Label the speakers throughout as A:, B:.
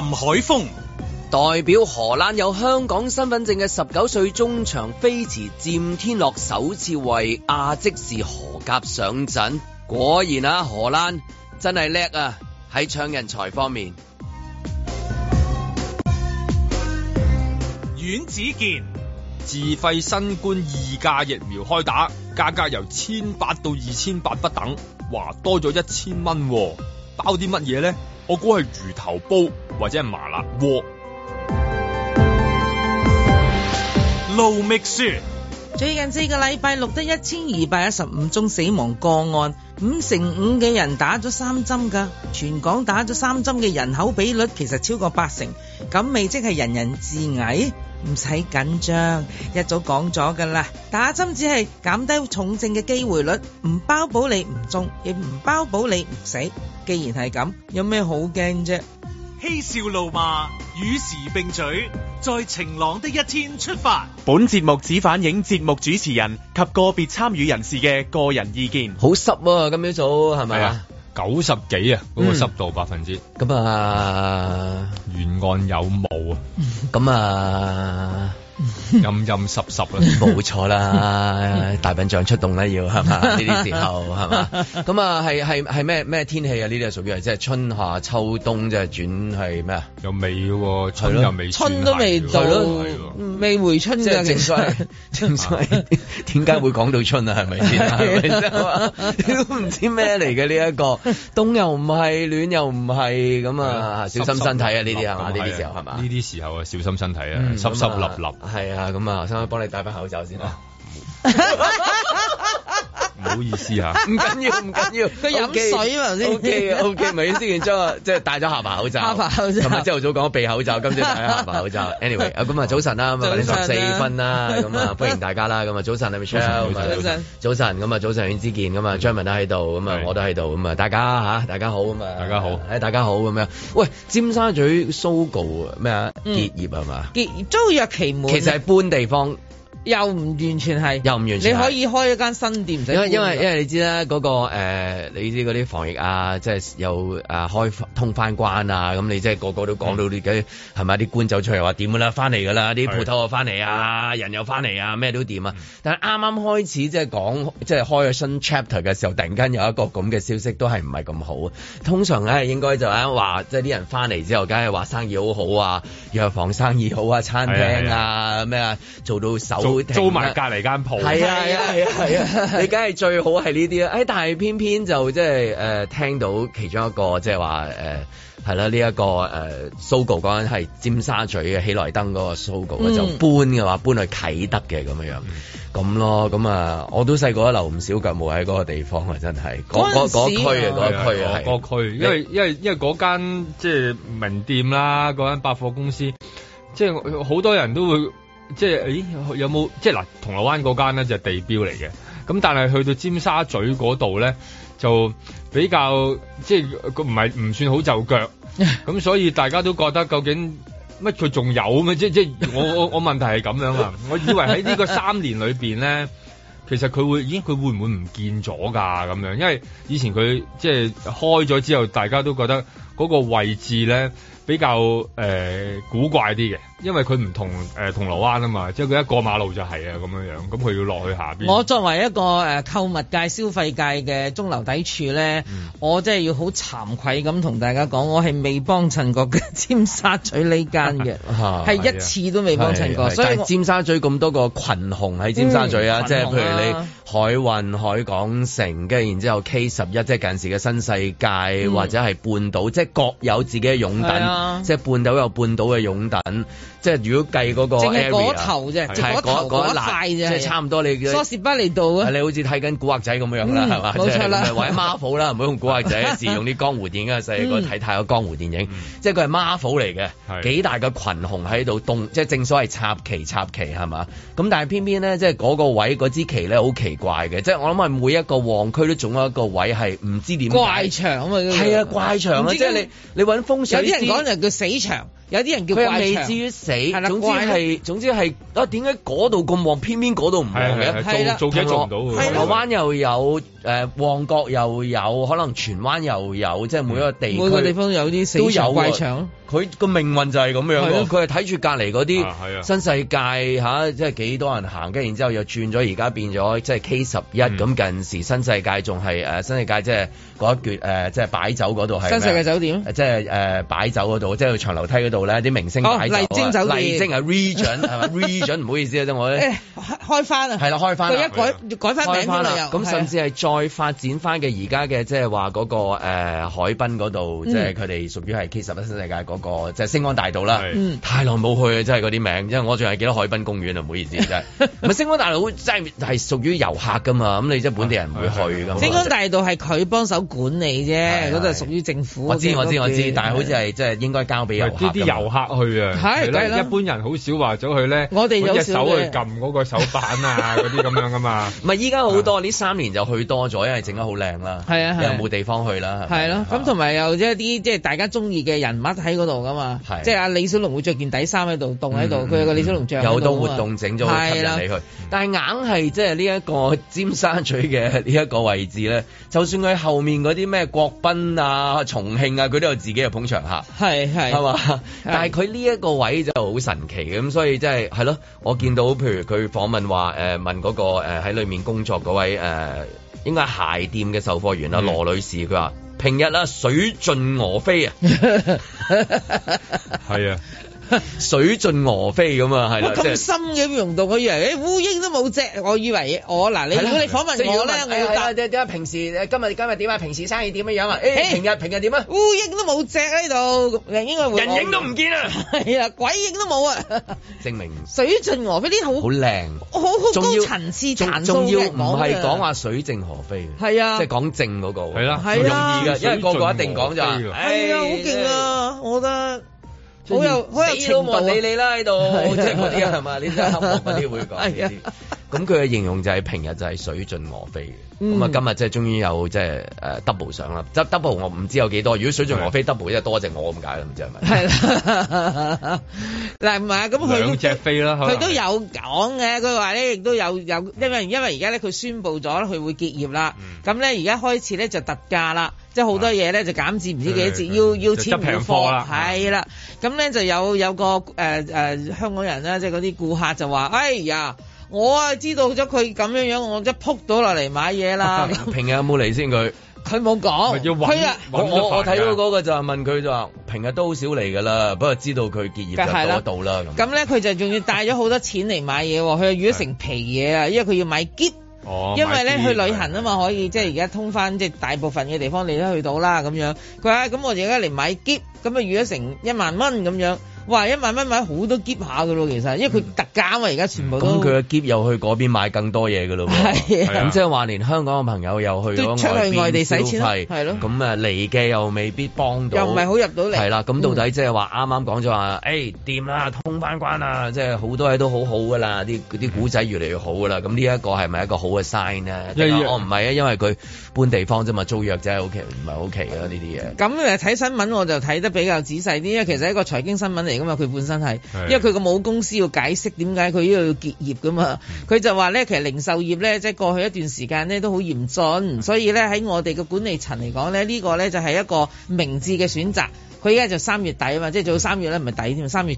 A: 林海峰代
B: 表荷蘭有香港身份證嘅十九歲中場飛馳占天樂首次為阿積士荷甲上陣，果然啊，荷蘭真係叻啊！喺搶人才方面，
C: 阮子健自費新冠二價疫苗開打，價格由千八到二千八不等，哇，多咗一千蚊，包啲乜嘢咧？我估係魚頭煲。或者麻辣鍋。Low m i x
D: 最近四個禮拜錄得一千二百一十五宗死亡個案，五成五嘅人打咗三針噶，全港打咗三針嘅人口比率其實超過八成，咁未即係人人自危，唔使緊張。一早講咗噶啦，打針只係減低重症嘅機會率，唔包保你唔中，亦唔包保你唔死。既然係咁，有咩好驚啫？
A: 嬉笑怒罵，與時並舉，在晴朗的一天出發。
D: 本節目只反映節目主持人
A: 及個別參與人士嘅個人意見。好濕啊，咁樣做，係咪？嗯、啊，九十
C: 幾啊，嗰、那個濕度百分之。咁、嗯、啊，沿岸有霧、嗯、啊。
B: 咁啊。陰陰濕濕啦，冇錯啦，大笨象出動啦，要係嘛？呢 啲時候係嘛？咁啊，係係係咩咩天氣啊？呢啲係屬於係即係春夏秋冬轉，即係轉係咩啊？又未喎，春又未，春都未到
D: 未回春嘅情況，情況點解
B: 會講到春啊？係咪先？係咪先？都 唔 知咩嚟嘅呢一個，冬又唔係，暖又唔係，咁啊，小心身體啊！呢啲係嘛？呢啲時候係嘛？呢啲時候啊，
C: 小心身體啊！濕濕立立。濕濕濕濕濕濕係啊，咁啊，我先幫你戴翻口罩先啦。 唔好意思吓，唔緊要，
D: 唔緊要，佢飲 水啊嘛先。O K O K，
B: 唔好意思，然之後，即係戴咗下巴口罩。下巴口罩。琴日朝頭早講鼻口罩， 今朝戴咗下巴口罩。Anyway，咁啊早晨啦，咁啊八點十四分啦，咁 啊歡迎大家啦，咁啊早晨 Michelle 早晨，早晨，咁啊早晨尹之健，咁啊張文德喺度，咁啊我都喺度，咁啊大家嚇，大家好，咁啊大家好，誒大家好咁樣。喂，尖沙咀 Sogo 咩啊結業係嘛？
D: 結租約期滿。其實係
B: 搬地方。早又唔完全係，又唔完全。你可以
D: 開一間新店，因為因為因為
B: 你知啦，嗰、嗰個、呃、你知嗰啲防疫啊，即係又誒開通翻關啊，咁你即係個個都講到你嘅係咪啲官走出嚟話點樣啦，翻嚟㗎啦，啲鋪頭又翻嚟啊，人又翻嚟啊，咩都掂啊。但係啱啱開始即係講即係開咗新 chapter 嘅時候，突然間有一個咁嘅消息都係唔係咁好。通常咧應該就咧話，即係啲人翻嚟之後，梗係話生意好好啊，藥房生意好啊，餐廳啊咩啊做到手。租埋隔離間鋪，係啊係啊係啊，啊，啊，啊！你梗係最好係呢啲啦。但係偏偏就即係誒、呃、聽到其中一個即係話誒係啦，呢、就、一、是呃啊這個誒 Sogo 嗰間係尖沙咀嘅喜來登嗰個 Sogo 咧，就搬嘅話搬去啟德嘅咁樣，咁囉，咁啊！我都細個都留唔少腳毛喺嗰個地方啊，真係嗰嗰區啊嗰區啊嗰區，因、那個那個、
C: 因為因為嗰間即係名店啦，嗰間百貨公司，即係好多人都會。即係，有冇即係嗱？銅鑼灣嗰間咧就係、地標嚟嘅。咁但係去到尖沙咀嗰度咧，就比較即係佢唔係唔算好就腳。咁 所以大家都覺得究竟乜佢仲有咩？即即我我我問題係咁樣啊！我以為喺呢個三年裏面咧，其實佢會已經佢會唔會唔見咗㗎咁樣？因為以前佢即係開咗之後，大家都覺得嗰個位置咧比較、呃、古怪啲嘅。因為佢唔同誒銅鑼灣啊嘛，即係佢一過馬路就係啊咁樣樣，咁佢要落去下邊。我
D: 作為一個誒購、呃、物界、消費界嘅中流底處咧、嗯，我真係要好慚愧咁同大家講，我係未幫襯過嘅尖沙咀呢間嘅，
B: 係、 啊、一次都未幫襯過、啊。所以，所以尖
D: 沙咀咁多個
B: 群雄喺尖沙咀啊，嗯、即係譬如你海運、嗯、海港城，跟住然之後 K 十一，即係近時嘅新世界或者係半島、嗯，即係各有自己嘅擁躉，即係半島有半島嘅擁躉。即係如果計嗰個，個、那個，嗰頭啫，嗰嗰塊啫，即、就、係、是、差唔多你。梳士巴利道啊！你好似睇緊古惑仔咁樣啦，係、嗯、嘛？冇錯啦，就是、 或者 Marvel 啦，唔好用古惑仔， 用啲江湖電影。細個睇太多江湖電影，嗯、即係佢係 Marvel 嚟嘅，幾大嘅群雄喺度動，即係正所謂插旗插旗係嘛？咁但係偏偏咧，即係嗰個位嗰支旗咧好奇怪嘅，即、就、係、是、我諗係每一個旺區都總有一個位係唔知點、那個。
D: 怪場，係啊，怪場即係你
B: 你揾風水，有啲人講就
D: 叫死場。有啲人叫佢未至於
B: 死，總之係總之係，啊，點解嗰度咁旺，偏偏嗰度唔旺嘅？做做嘢做唔到，銅鑼灣又有。誒旺角又有可能荃灣又有，即係每一個地每個地方都
D: 有啲都有嘅。佢
B: 個命運就係咁樣佢係睇住隔籬嗰啲新世界嚇、啊，即係幾多人行跟然之後又轉咗，而家變咗即係 K 十一咁近時。新世界仲係誒新世界、就是，即係嗰一橛即係擺酒嗰度係新世界酒店，即係誒擺酒嗰度，即係去長樓梯嗰度咧，啲明星擺酒哦麗晶酒店，麗晶 Regent 係嘛 Regent 唔好意思、哎、啊，我咧
D: 開翻啊，係啦開翻，佢一改改翻名咗又咁，啊、是那
B: 甚至係再發展翻嘅而家嘅即係話嗰個、呃、海濱嗰度，即係佢哋屬於係 K11 新世界嗰、嗰個，即、嗯、係、即係、星光大道啦。太耐冇去，真係嗰啲名，因為我仲係記得海濱公園唔好意思真係。唔係星光大道真係係屬於遊客㗎嘛，咁你即係本地人唔會去㗎嘛。星光
D: 大道係佢幫手管理啫，嗰個係屬於政府。我知。我知我知我知係，但係好似係
C: 即係應該交俾啲遊、遊客去啊、係，一般人好少話咗去咧，我哋有隻手去撳嗰個手板啊，嗰啲咁樣㗎嘛。
B: 唔係依家好多呢 三年就去到咗，因為整得好靚啦，係啊，啊，又冇地方去啦，係
D: 咯。咁同埋又一啲即係大家中意嘅人物喺嗰度噶嘛，即係阿李小龍會着件底衫喺度，棟喺度。佢有個李小龍像，有好多活動整咗吸引你去，啊。但係硬係即係呢一個
B: 尖沙咀嘅呢一個位置咧，嗯，就算佢後面嗰啲咩國賓啊、重慶啊，佢都有自己嘅捧場客，係係係嘛。但係佢呢一個位就好神奇嘅，咁所以即係係咯。我見到譬如佢訪問話誒、呃、問嗰、那個喺、呃、裡面工作嗰位誒。呃應該鞋店嘅售貨員啦，羅女士，佢、嗯、話平日啦水盡鵝飛啊，係啊。 水盡鵝飛咁啊，係咁
D: 深嘅溶洞，我以為誒烏蠅都冇隻，我以為我嗱你，你訪問我咧、就是哎，我要答點、哎、啊？平時，平時今日今日點啊？平時生意點樣啊？誒、欸，平日平日點啊？烏蠅都冇隻喺度，人影都唔見啊！係啊，鬼影都冇啊！
B: 證明
D: 水盡鵝飛呢啲好好靚，好、這、好、個、高層次、層次嘅講唔係講話
B: 水靜河飛嘅，係啊，即係講正嗰、那個係啦，容易啊，因為，因為個個一定講就係，係、哎、啊，好勁
D: 啊，我覺得。好有好有情，冇人理你啦喺度，即係嗰啲係嘛？你啲係黑幕嗰啲會講。
B: 知道 咁佢嘅形容就係平日就係水盡鵝飛嘅，咁、嗯、啊今日即係終於有即係誒 double 上啦，double 我唔知有幾多，如果水盡鵝飛 double 即係多隻鵝咁解啦，咁就係咪？
D: 係啦、 嗯，嗱唔係咁佢兩隻
C: 飛啦，佢都
D: 有講嘅，佢話咧亦都有有，因為因為而家咧佢宣布咗佢會結業啦，咁咧而家開始咧就特價啦，即係好多嘢咧就減至唔知幾多折，要要執平貨，係啦，咁咧就有有個誒、呃呃、香港人咧，即係嗰啲顧客就話，哎呀～我啊知道咗佢咁樣樣，我即係撲到落嚟買嘢啦。 平
B: 日有冇嚟先佢？佢
D: 冇講。佢啊，我我睇到嗰
B: 個就係問佢就話，平日都好少嚟噶啦，不過知道佢結業就多度啦。
D: 咁咧佢就仲要帶咗好多錢嚟買嘢，佢啊預咗成皮嘢啊，因為佢要買 gift
E: 哦。因為咧去旅行
D: 啊嘛，可以即係而家通翻，即係、就是、大部分嘅地方你都去到啦咁樣。佢話咁我哋而家嚟買 gift，咁啊預咗成一萬蚊咁樣。哇！一萬蚊買好多篋下嘅咯，其實，因為佢特價啊嘛，而家全部都咁佢
B: 嘅篋又去嗰邊買更多嘢嘅咯，係咁即係話連香港嘅朋友又去出去外地使錢，係咁啊嚟嘅又未必幫到，又唔係好入到嚟，係啦，咁、嗯嗯嗯、到底即係話啱啱講咗話，誒掂、欸、啦通翻關啦，即係好多嘢都好好嘅啦，啲啲古仔越嚟越好嘅啦，咁呢一個係咪一個好嘅 sign 咧？我唔係啊，啊，啊、嗯啊，因為佢搬地方啫嘛，租約真係好期，唔係好奇啦呢啲嘢。
D: 咁誒睇新聞我就睇得比較仔細啲啊，其實一個財經新聞嚟。咁啊！佢本身係，因為佢個母公司要解釋點解佢呢度要結業噶嘛，佢就話咧，其實零售業咧，即係過去一段時間咧都好嚴峻，所以咧喺我哋嘅管理層嚟講咧，呢個咧就係一個明智嘅選擇。佢而家就三月底啊嘛，即係做到三月咧，唔係底添，三月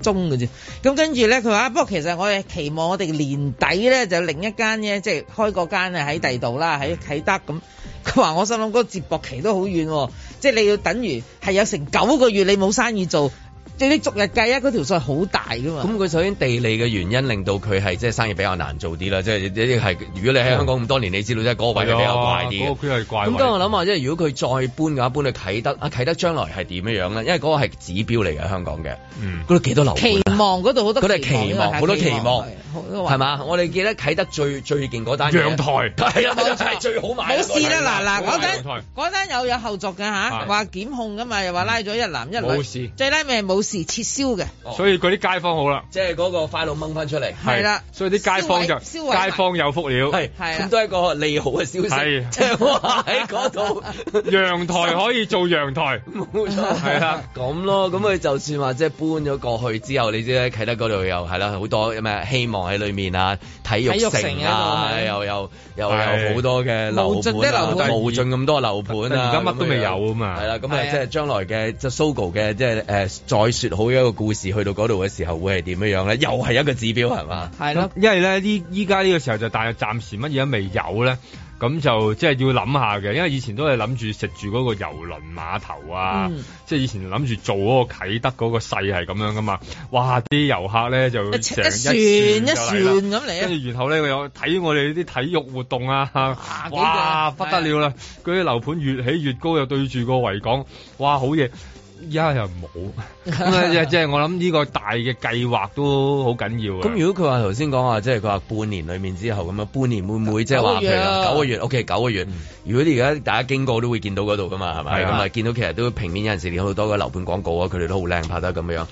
D: 中嘅啫。咁跟住咧，佢話不過其實我哋期望我哋年底咧就另一間咧，即係開嗰間啊喺第度啦，喺啟德咁。佢話我心諗個接駁期都好遠，即係你要等於係有成九個月你冇生意做。即係你逐日計啊！嗰條數係好大噶嘛。咁
B: 佢首先地理嘅原因令到佢係即係生意比較難做啲啦。即係啲係如果你喺香港咁多年，你知道即係嗰位比較、嗰個、怪啲怪。咁、嗯、當、嗰個、怪怪我諗下，即係如果佢再搬嘅話，搬去啟德啊，啟德將來係點樣樣咧？因為嗰個係指標嚟嘅香港嘅。嗯，嗰度幾多樓？期
D: 望嗰度好多。佢期望好多期望，係
B: 嘛？我哋記得啟德最最勁嗰單
D: 陽台，係啊，陽台最好買。冇事啦，嗱嗱，講緊嗰單有有後續嘅嚇，話檢控㗎嘛，又話拉咗一男一女，最拉尾冇。時撤銷嘅，所
C: 以嗰啲街坊好啦，
D: 即係嗰個快樂掹翻出嚟，係啦，
C: 所以啲街坊就壞壞街坊有福了，係，咁都係一個利好嘅消息，即係喺嗰度陽台可以
B: 做陽台，
E: 冇 錯，係啦，
B: 咁咯，咁佢就算話即係搬咗過去之後，你知咧，啟德嗰度又係啦，好多咩希望喺裏面啊，體育城啊，城又有又有好多嘅樓，樓盤，無盡咁多樓盤，而家乜都未有啊嘛，係啦，咁啊，即係將來嘅即係 Sogo 嘅即係誒再。呃再說好一個故事，去到嗰度嘅時候
C: 會係點樣樣咧？又係一個指標係嘛？係囉，因為咧呢依家呢個時候就大約暫時乜嘢都未有咧，咁就即係、就是、要諗下嘅。因為以前都係諗住食住嗰個郵輪碼頭啊，即、嗯、係、就是、以前諗住做嗰個啟德嗰個勢係咁樣噶嘛。哇！啲遊客咧就一船就一船咁嚟，跟住然後咧有睇我哋啲體育活動啊，哇！哇不得了啦，啲樓盤越起越高，又對住個維港，哇！好嘢。而家又冇，即係我諗呢個大嘅計劃都好緊要啊！咁
B: 如果佢話頭先講話，即係佢話半年裏面之後咁啊，半年會唔會即係話譬如九個月、啊、九個月？OK，九個月。嗯、如果你而家大家經過都會見到嗰度噶嘛，係咪？咁啊，見到其實都平面有陣時好多嘅樓盤廣告啊，佢哋都好靚拍得咁樣。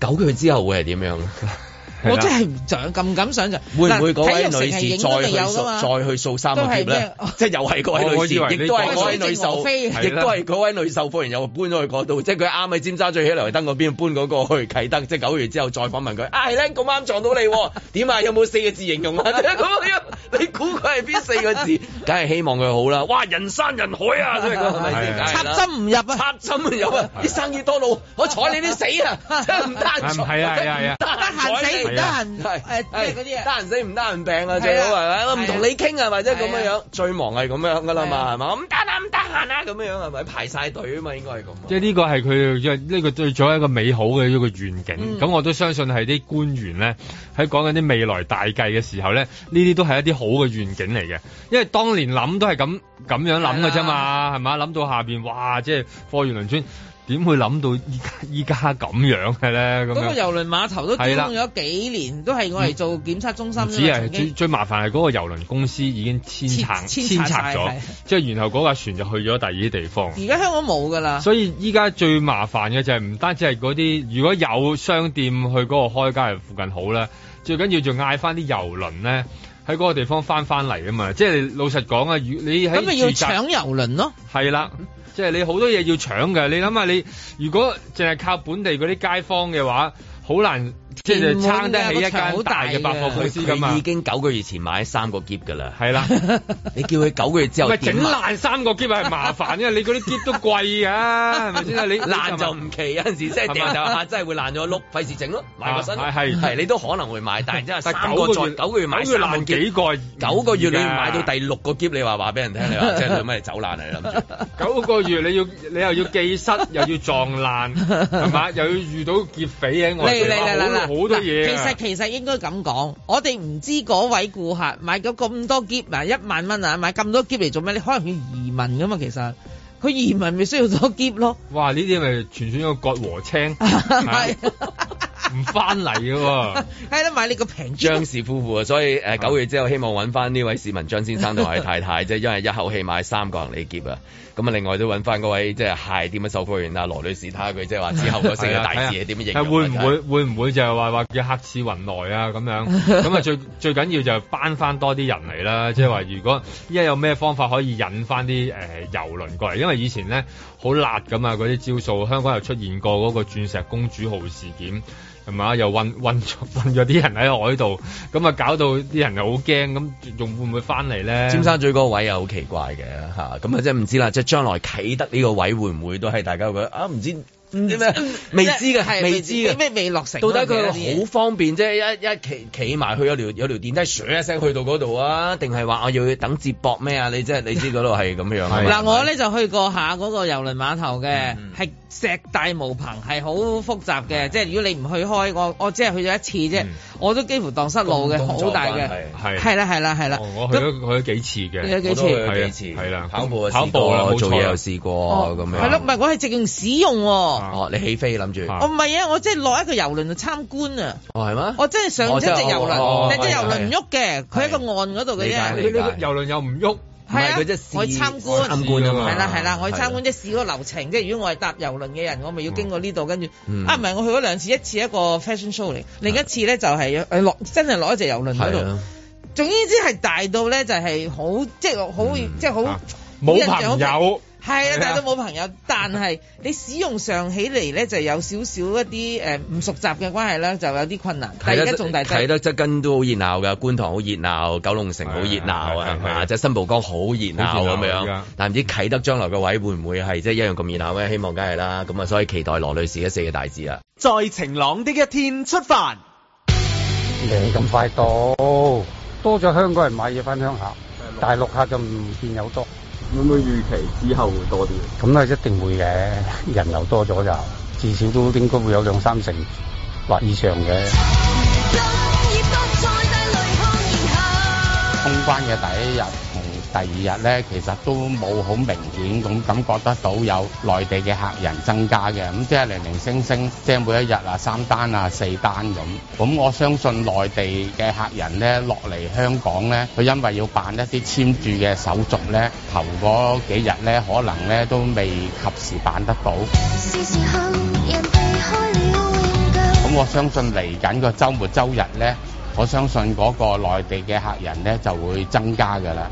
B: 九個月之後會係點樣？
D: 我真係唔想，咁唔敢想象。嗱，會唔會嗰位女士再去
B: 掃三個咧，即係又係嗰位女士，亦都係嗰位女售，亦都係嗰位女售貨員。忽然又搬咗去嗰度，即係佢啱喺尖沙咀喜來登嗰邊，搬嗰個去啟德。即係九月之後再訪問佢，係咧咁啱撞到你，點啊？有冇四個字形容啊？你估佢係邊四個字？梗係希望佢好啦！哇，人山人海啊！真係咁，係咪先？插針唔入啊！插針入啊！啲生意多路，我睬你啲死啊！真係唔得，唔係啊！係啊！係啊！得閒死。得閒係誒嗰啲得閒死唔得閒病啊，最好係咪、啊？我唔同你傾啊，或者咁嘅樣，
C: 最忙係咁樣噶啦嘛，係嘛？唔
B: 得啦，唔得閒啊，咁樣係咪排晒隊啊嘛？應該係咁。
C: 即係呢個係佢，即係呢個對咗一個美好嘅一個願景。咁、嗯、我都相信係啲官員咧喺講緊啲未來大計嘅時候咧，呢啲都係一啲好嘅願景嚟嘅。因為當年諗都係咁咁樣諗嘅啫嘛，係咪？諗到下邊哇，即係貨圓輪轉。點會諗到依依家咁樣嘅咧？咁、那、嗰個郵
D: 輪碼頭都停工咗幾年，都係我嚟做檢測中心。只、嗯、係最
C: 最麻煩係嗰個郵輪公司已經遷拆遷拆咗，即係、就是、然後嗰架船就去咗第二啲地方。而
D: 家香港冇噶啦。所
C: 以依家最麻煩嘅就係唔單止係嗰啲，如果有商店去嗰個開街附近好喇，最緊要就嗌翻啲郵輪咧喺嗰個地方翻翻嚟啊嘛！即、就、係、是、老實講啊，你咁咪要搶郵輪咯？係啦。即係你好多嘢要搶噶，你諗下你如果淨係靠本地嗰啲街坊嘅話，好難。即係撐得起一間好大嘅百貨公司咁啊！已經
B: 九個月前買三個篋㗎啦，係啦。你叫佢九個月之後整爛
C: 三個篋係麻煩，因為你
B: 嗰啲篋都貴㗎，係咪先啊？你爛就唔奇，有陣時即係話就真係會爛咗碌，費事整咯，買個新係係係。你都可能會買，但係真係三個月九個月買九個月爛幾個？九個月你買到第六個
C: 篋，你話話俾人聽，你話即係佢乜
B: 嚟走爛嚟諗住？
C: 九個月你要你又要寄失又要撞爛係嘛？又要遇到劫匪喺外？嚟嚟嚟嚟嚟！好多嘢、啊，其實
D: 其實應該咁講，我哋唔知嗰位顧客買咗咁多篋埋、啊、一萬蚊啊，買咁多篋嚟做咩？你可能要移民㗎嘛。其實佢移民咪需要咗篋咯。
C: 哇！呢啲咪傳傳咗個割禾青，係唔翻嚟
B: 㗎喎。
D: 係得買呢個平
B: 張氏夫婦啊，所以誒九月之後，希望搵翻呢位市民張先生同埋太太，即係 因為一口氣買三個人你篋啊。咁、就是就是、 啊，另外都揾翻嗰位即係鞋
C: 店嘅售貨員啊，羅女士，睇下佢即係話之後嗰四個大字係點樣形容？會唔會會唔會，會，會就係話話叫黑似雲來啊咁樣？咁 啊最最緊要就係搬翻多啲人嚟啦！即係話如果依家有咩方法可以引翻啲誒遊輪過嚟？因為以前咧好辣噶啊。嗰啲招數香港又出現過嗰個鑽石公主號事件係咪啊？又運運咗啲人喺海度，咁啊搞到啲人又好驚，咁仲會唔會翻
B: 嚟咧？尖沙咀嗰位又好奇怪嘅嚇，咁啊即係唔知啦！即將來啟德呢個位會唔會都係大家覺得啊？唔知
D: 咩未知嘅，未知嘅咩、嗯未，嗯、未，未，未，未落成？到底佢好方便啫！一一企
B: 企埋去有條有條電梯，唰一聲去到嗰度啊？定係話我要等接駁咩啊？你即係你知嗰度係咁樣。嗱， 我
D: 咧就去過下嗰個郵輪碼頭嘅，係、嗯嗯。石大無棚係好複雜嘅，即係如果你唔去開，我我只係去咗一次啫、嗯，我都幾乎蕩失路嘅，好大嘅，係啦係啦係啦。我去
B: 咗幾次嘅，去咗幾次，係啦，跑步又試過做嘢有試過咁、哦哦、樣。係咯，唔
D: 係我係直用使用喎、哦。
B: 哦，你起飛諗住？我
D: 唔係啊，我即係落一個遊輪嚟參觀啊。哦係咩？我真係上咗隻遊輪，但隻遊輪唔喐嘅，佢喺個岸嗰度嘅啫。
C: 遊輪又唔喐。
D: 係啊，啊，啊，啊，我去參觀，參觀啊嘛，係啦係啦，我去參觀即係試嗰個流程，即係如果我係搭遊輪嘅人，我咪要經過呢度，跟住啊，唔係我去咗兩次，一次一個 fashion show 嚟，另一次咧、啊、就係誒落真係落一隻遊輪喺度，總之，之係大到咧就係、是、好即係好、嗯、即係好冇人有。係啊，但係都冇朋友。但係你使用上起嚟咧，就有少少一啲誒唔熟習嘅關係啦，就有啲困難。啟德仲大，睇得
B: 側根都好熱鬧噶，觀塘好熱鬧，九龍城好熱鬧啊，啊，啊，啊，啊，即係新蒲崗好熱鬧咁樣。但唔知啟德將來嘅位會唔會係即係一樣咁熱鬧咧？希望梗係啦。咁啊，所以期待羅女士嘅四個大字啊！
A: 在晴朗的一天出發，
C: 你咁快到？多咗香港人買嘢翻鄉下，大陸客就唔見有多。會唔會預期之後會多啲？咁啊，一定會嘅，人流多咗就至少都應該會有兩三成或以上嘅。
E: 通
C: 關嘅第一日，第二日咧，其實都冇好明顯咁感覺得到有內地嘅客人增加嘅，咁即係零零星星，即係每一日啊三單啊四單咁。咁我相信內地嘅客人咧落嚟香港咧，佢因為要辦一啲簽注嘅手續咧，頭嗰幾日咧可能咧都未及時辦得到。
E: 咁
C: 我相信嚟緊個週末週日咧。我相信嗰個內地嘅客人咧就會增加嘅啦。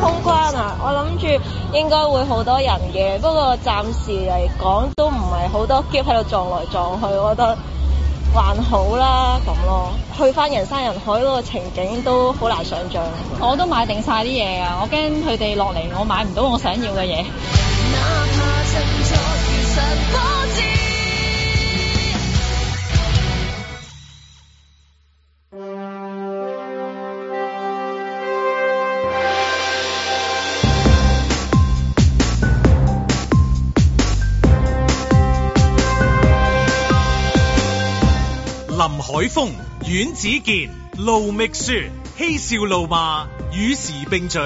B: 通關啊！我諗住應該會好多人嘅，不過暫時嚟講都唔係好多 gap 喺度撞來撞去，我覺得還好啦咁咯。去翻人山人海嗰個情景都好難想像。我都買定晒啲嘢啊！我驚佢哋落嚟，我買唔到我想要嘅嘢。No.
A: 林海峰、阮子健、盧覓雪。嬉笑怒罵，與時並進，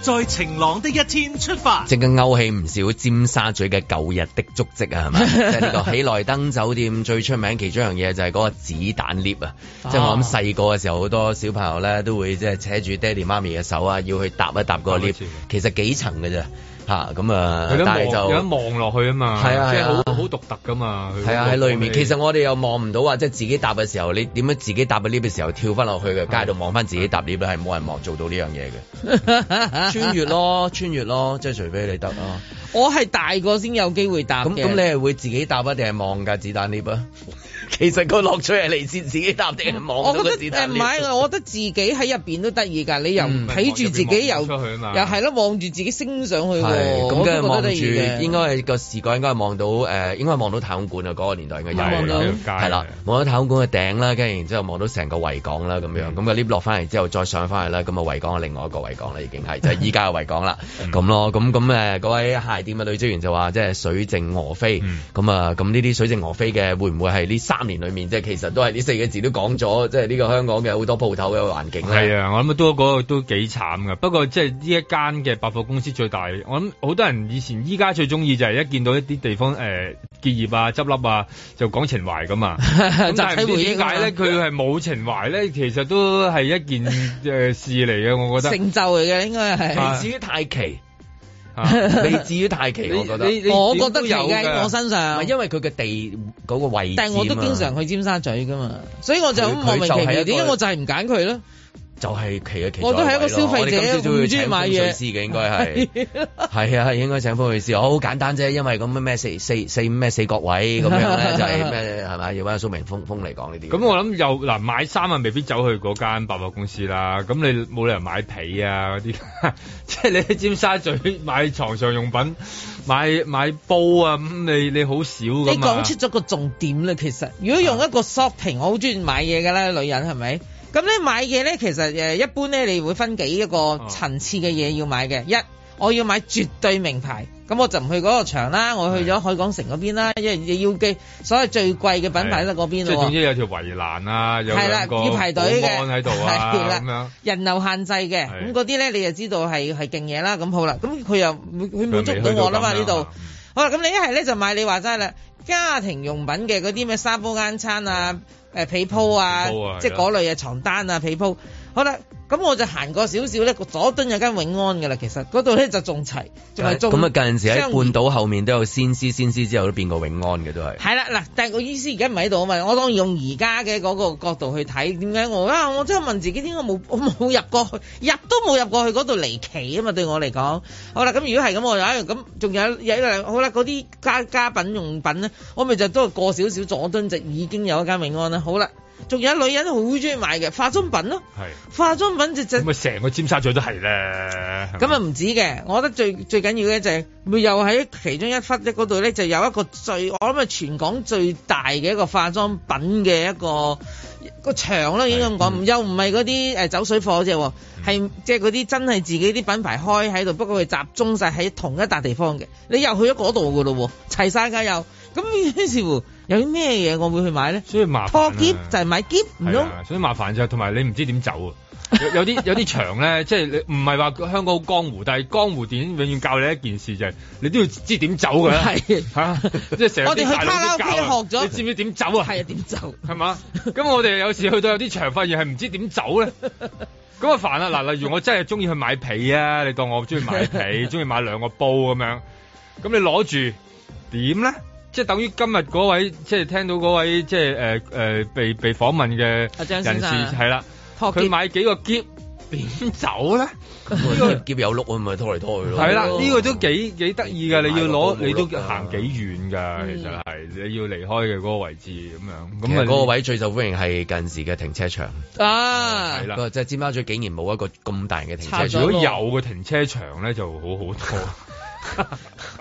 A: 在晴朗的一天出發，正
B: 經勾起唔少尖沙咀嘅舊日的足跡啊，係咪？ 即係呢個喜來登酒店最出名，其中一樣嘢就係嗰個子彈 lift 啊！
E: 即係我諗細
B: 個嘅時候，好多小朋友咧都會即係扯住爹哋媽咪嘅手啊，要去搭一搭嗰個 lift，嗯那個、其實幾層嘅啫。吓咁啊！啊但係就咁望落去啊嘛，即係好好獨特噶嘛。
C: 係啊，喺裏面其實
B: 我哋又望唔到啊，即係自己搭嘅時候，你點樣自己搭個 lift 嘅時候跳翻落去嘅街度望翻自己搭 lift，係冇人望做到呢樣嘢嘅，
D: 穿越
B: 咯，穿越咯，即係除非你得啊。
D: 我係大個先有機會搭嘅。咁咁你係
B: 會自己搭啊，定係望㗎子彈 lift 啊？其實個樂趣係嚟自自己搭啲網。我覺得唔係、呃，我覺
D: 得自己喺入邊都得意㗎。你又唔睇住自己、嗯、又又係咯，望住自己升上去。係咁，跟住望住應該
B: 個視角應該係望到誒，應該望到、呃、到太空館啊嗰、嗰個年代應該有望、嗯嗯嗯、到係啦，望到太空館嘅頂啦，跟住然之後望到成個維港啦咁樣。咁個 lift 落翻嚟之後再上翻去啦，咁啊維港係另外一個維港啦，已經係就係依家嘅維港啦咁、嗯、咯。咁咁誒，嗰、呃、位鞋店嘅女職員就話即係水靜鵝飛咁啊，咁呢啲水靜鵝飛嘅會唔會係呢三年裏面，即係其實都係呢四個字都講咗，即係呢個香港嘅好多鋪頭嘅環境咧。係啊，
C: 我諗都嗰、嗰個都幾慘噶。不過即係呢一間嘅百貨公司最大，我諗好多人以前依家最中意就係一見到一啲地方誒、呃、結業啊、執笠啊，就講情懷噶嘛。咁 但係唔知點解咧，佢係冇情懷咧，其實都係一件誒事嚟嘅，我覺得成
D: 就嚟嘅應該係、啊、至史太奇。
C: 你、 啊、未至於
B: 太奇，我覺得。我覺得奇喺我身上，唔係因為佢嘅地嗰、那個位置、啊。但係我都經常
D: 去尖沙咀噶嘛，所以我就莫名其妙，點解我就係唔揀佢咧？
B: 就係、是、其嘅其在咯，你今朝中意買嘢師嘅應該係係 啊係應該請風水師，我好簡單啫，因為咁咩咩四四四咩四角位咁樣咧，就係咩係咪要揾阿蘇明峰峰嚟講呢
C: 啲？咁 我諗又嗱買衫啊，未必走去嗰間百貨公司啦。咁你冇理由買被啊嗰啲，即係 你喺尖沙咀買床上用品、買買煲啊咁，你你好少你講出
D: 咗個重點啦，其實如果用一個 shopping，我好中意買嘢㗎啦，女人係咪？咁咧買嘢咧，其實誒一般咧，你會分幾一個層次嘅嘢要買嘅、哦。一，我要買絕對名牌，咁我就唔去嗰個場啦，我去咗海港城嗰邊啦，因為要記所謂最貴嘅品牌喺得嗰邊咯。即係點知
C: 有條圍欄啊？係啦、啊，要排隊嘅，喺度啊，咁樣
D: 人流限制嘅，咁嗰啲咧你就知道係係勁嘢啦。咁好啦，咁佢又佢滿足到我啦嘛呢度、啊。好啦，咁你一係咧就買你話齋啦，家庭用品嘅嗰啲咩沙煲罌罉啊。誒、啊，被鋪啊，即係嗰類嘅床單啊，被鋪。被鋪。好啦，咁我就行過少少咧，佐敦有間永安嘅啦。其實嗰度咧就仲齊，咁啊，
B: 近陣時喺半島後面都有先施，先施之後都變過永安嘅都係。
D: 係啦，嗱，但係個意思而家唔喺度啊嘛。我當然用而家嘅嗰個角度去睇，點解我啊，我真係問自己點解冇冇入過去，入都冇入過去嗰度離奇啊嘛，對我嚟講。好啦，咁如果係咁，我又咁，仲有有一兩，好啦，嗰啲家家品用品咧，我咪就都過過少少佐敦，就已經有一間永安啦。好啦。仲有女人好中意買嘅化妝品咯，係化妝品就就
C: 咪成個尖沙咀都係咧。咁啊
D: 唔止嘅，我覺得最最緊要咧就係咪又喺其中一忽一嗰度咧就有一個最我諗啊全港最大嘅一個化妝品嘅一個。個場咯，已經咁講，又唔係嗰啲誒走水貨啫，係即係嗰啲真係自己啲品牌開喺度，不過佢集中晒喺同一笪地方嘅，你又去咗嗰度噶咯，齊晒架又，咁於是乎有啲咩嘢我會去買咧？所以麻煩拖篋就係、是、買篋，唔通？
C: 所以麻煩就係同埋你唔知點走。 有啲有啲場咧，即係你唔係話香港好江湖，但係江湖電影永遠教你一件事就係、是，你都要知點走啦係、啊、 即係成日啲大佬教你、啊，你知唔知
D: 點走啊？係啊，點走？係嘛？
C: 咁 我哋有時去到有啲場，發現係唔知點走咧，
D: 咁 啊
C: 煩啊！嗱，例如我真係中意去買被啊，你當我中意買被，中 意買兩個煲咁樣，咁你攞住點咧？即係等於今日嗰位，即係聽到嗰位，即係誒、呃呃、被被訪問嘅人士係啦。啊佢買幾個篋點走咧？啲、這、篋、個、有碌啊嘛，拖嚟拖去咯。係啦，呢、哦這個，個都幾幾得意噶。你要攞，你都行幾遠噶。其實係你要離開嘅嗰個位置
B: 咁樣。咁實個位最受歡迎係近時嘅停車場啊！即、哦、係、就是、尖沙咀竟然冇一
C: 個咁大嘅停車場，如果有個停車場咧就好好多。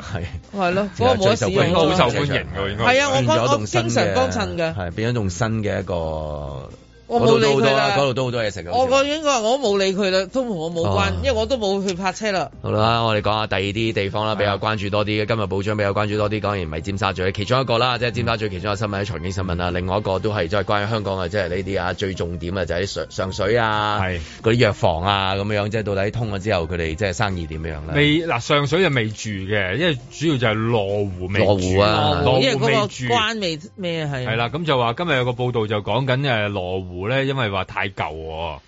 C: 係 。
D: 係咯，嗰個最受歡迎應該好受歡迎㗎，應該。係啊，我我經常幫襯嘅，係
B: 變咗一種新嘅一個。
D: 我冇理啊！嗰度
B: 都好多嘢食。我都都
D: 他我應該我冇理佢啦，都同我冇關，oh. 因為我都冇去泊車啦。
B: 好啦，我哋講下第二啲地方啦，比較關注多啲。嘅。今日報章比較關注多啲，講完咪尖沙咀，其中一個啦，即係尖沙咀其中一個新聞係財經新聞啦。另外一個都係即係關於香港嘅，即係呢啲啊，最重點啊就喺上水啊，嗰啲藥房啊咁樣即係到底通咗之後佢哋即係生意點樣
C: 咧？未嗱上水就未住嘅，因為主要就係羅湖未住羅湖啊，羅湖,湖,湖未因為嗰個關
D: 未咩係？係啦，
C: 咁就話今日有個報道就講緊誒羅湖。咧，因為話太舊，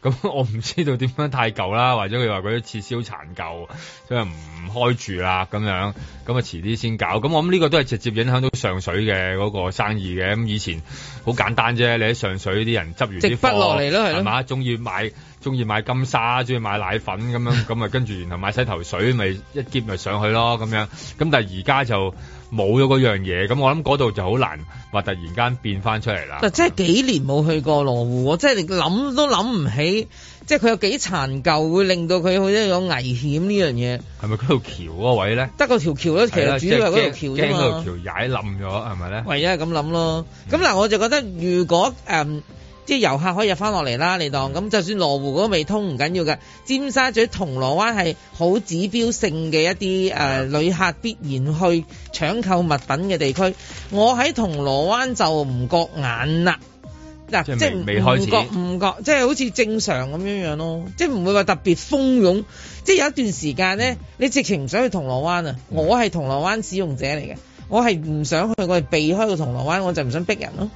C: 咁我唔知道點樣太舊啦，或者佢話嗰啲撤銷殘舊，所以唔開住啦，咁樣咁啊，遲啲先搞。咁我諗呢個都係直接影響到上水嘅嗰個生意嘅。咁以前好簡單啫，你喺上水啲人執完啲貨嚟咯，係嘛，中意買中意買金沙，中意買奶粉咁樣，咁啊跟住然後買洗頭水，咪一兼咪上去咯，咁樣。咁但係而家就。冇咗嗰樣嘢，咁我諗嗰度就好難話突然間變翻出嚟啦。嗱，即
D: 係幾年冇去過羅湖，我即係諗都諗唔起，即係佢有幾殘舊，會令到佢好似有危險是是呢樣嘢。係咪嗰條橋嗰位咧？得個條橋咯，其實主要係嗰條橋啫嘛。驚嗰條橋踩冧咗係咪咧？唯一係咁諗咯。咁、嗯、嗱，我就覺得如果、um, 即係遊客可以入翻落嚟啦，你當咁就算羅湖嗰個未通唔緊要嘅，尖沙咀銅鑼灣係好指標性嘅一啲誒、呃、旅客必然去搶購物品嘅地區。我喺銅鑼灣就唔覺眼啦，嗱即係唔覺唔覺，即係好似正常咁樣樣咯，即係唔會話特別蜂擁。即係有一段時間呢，你直情唔想去銅鑼灣啊！我係銅鑼灣使用者嚟嘅，我係唔想去，我係避開個銅鑼灣，我就唔想逼人咯。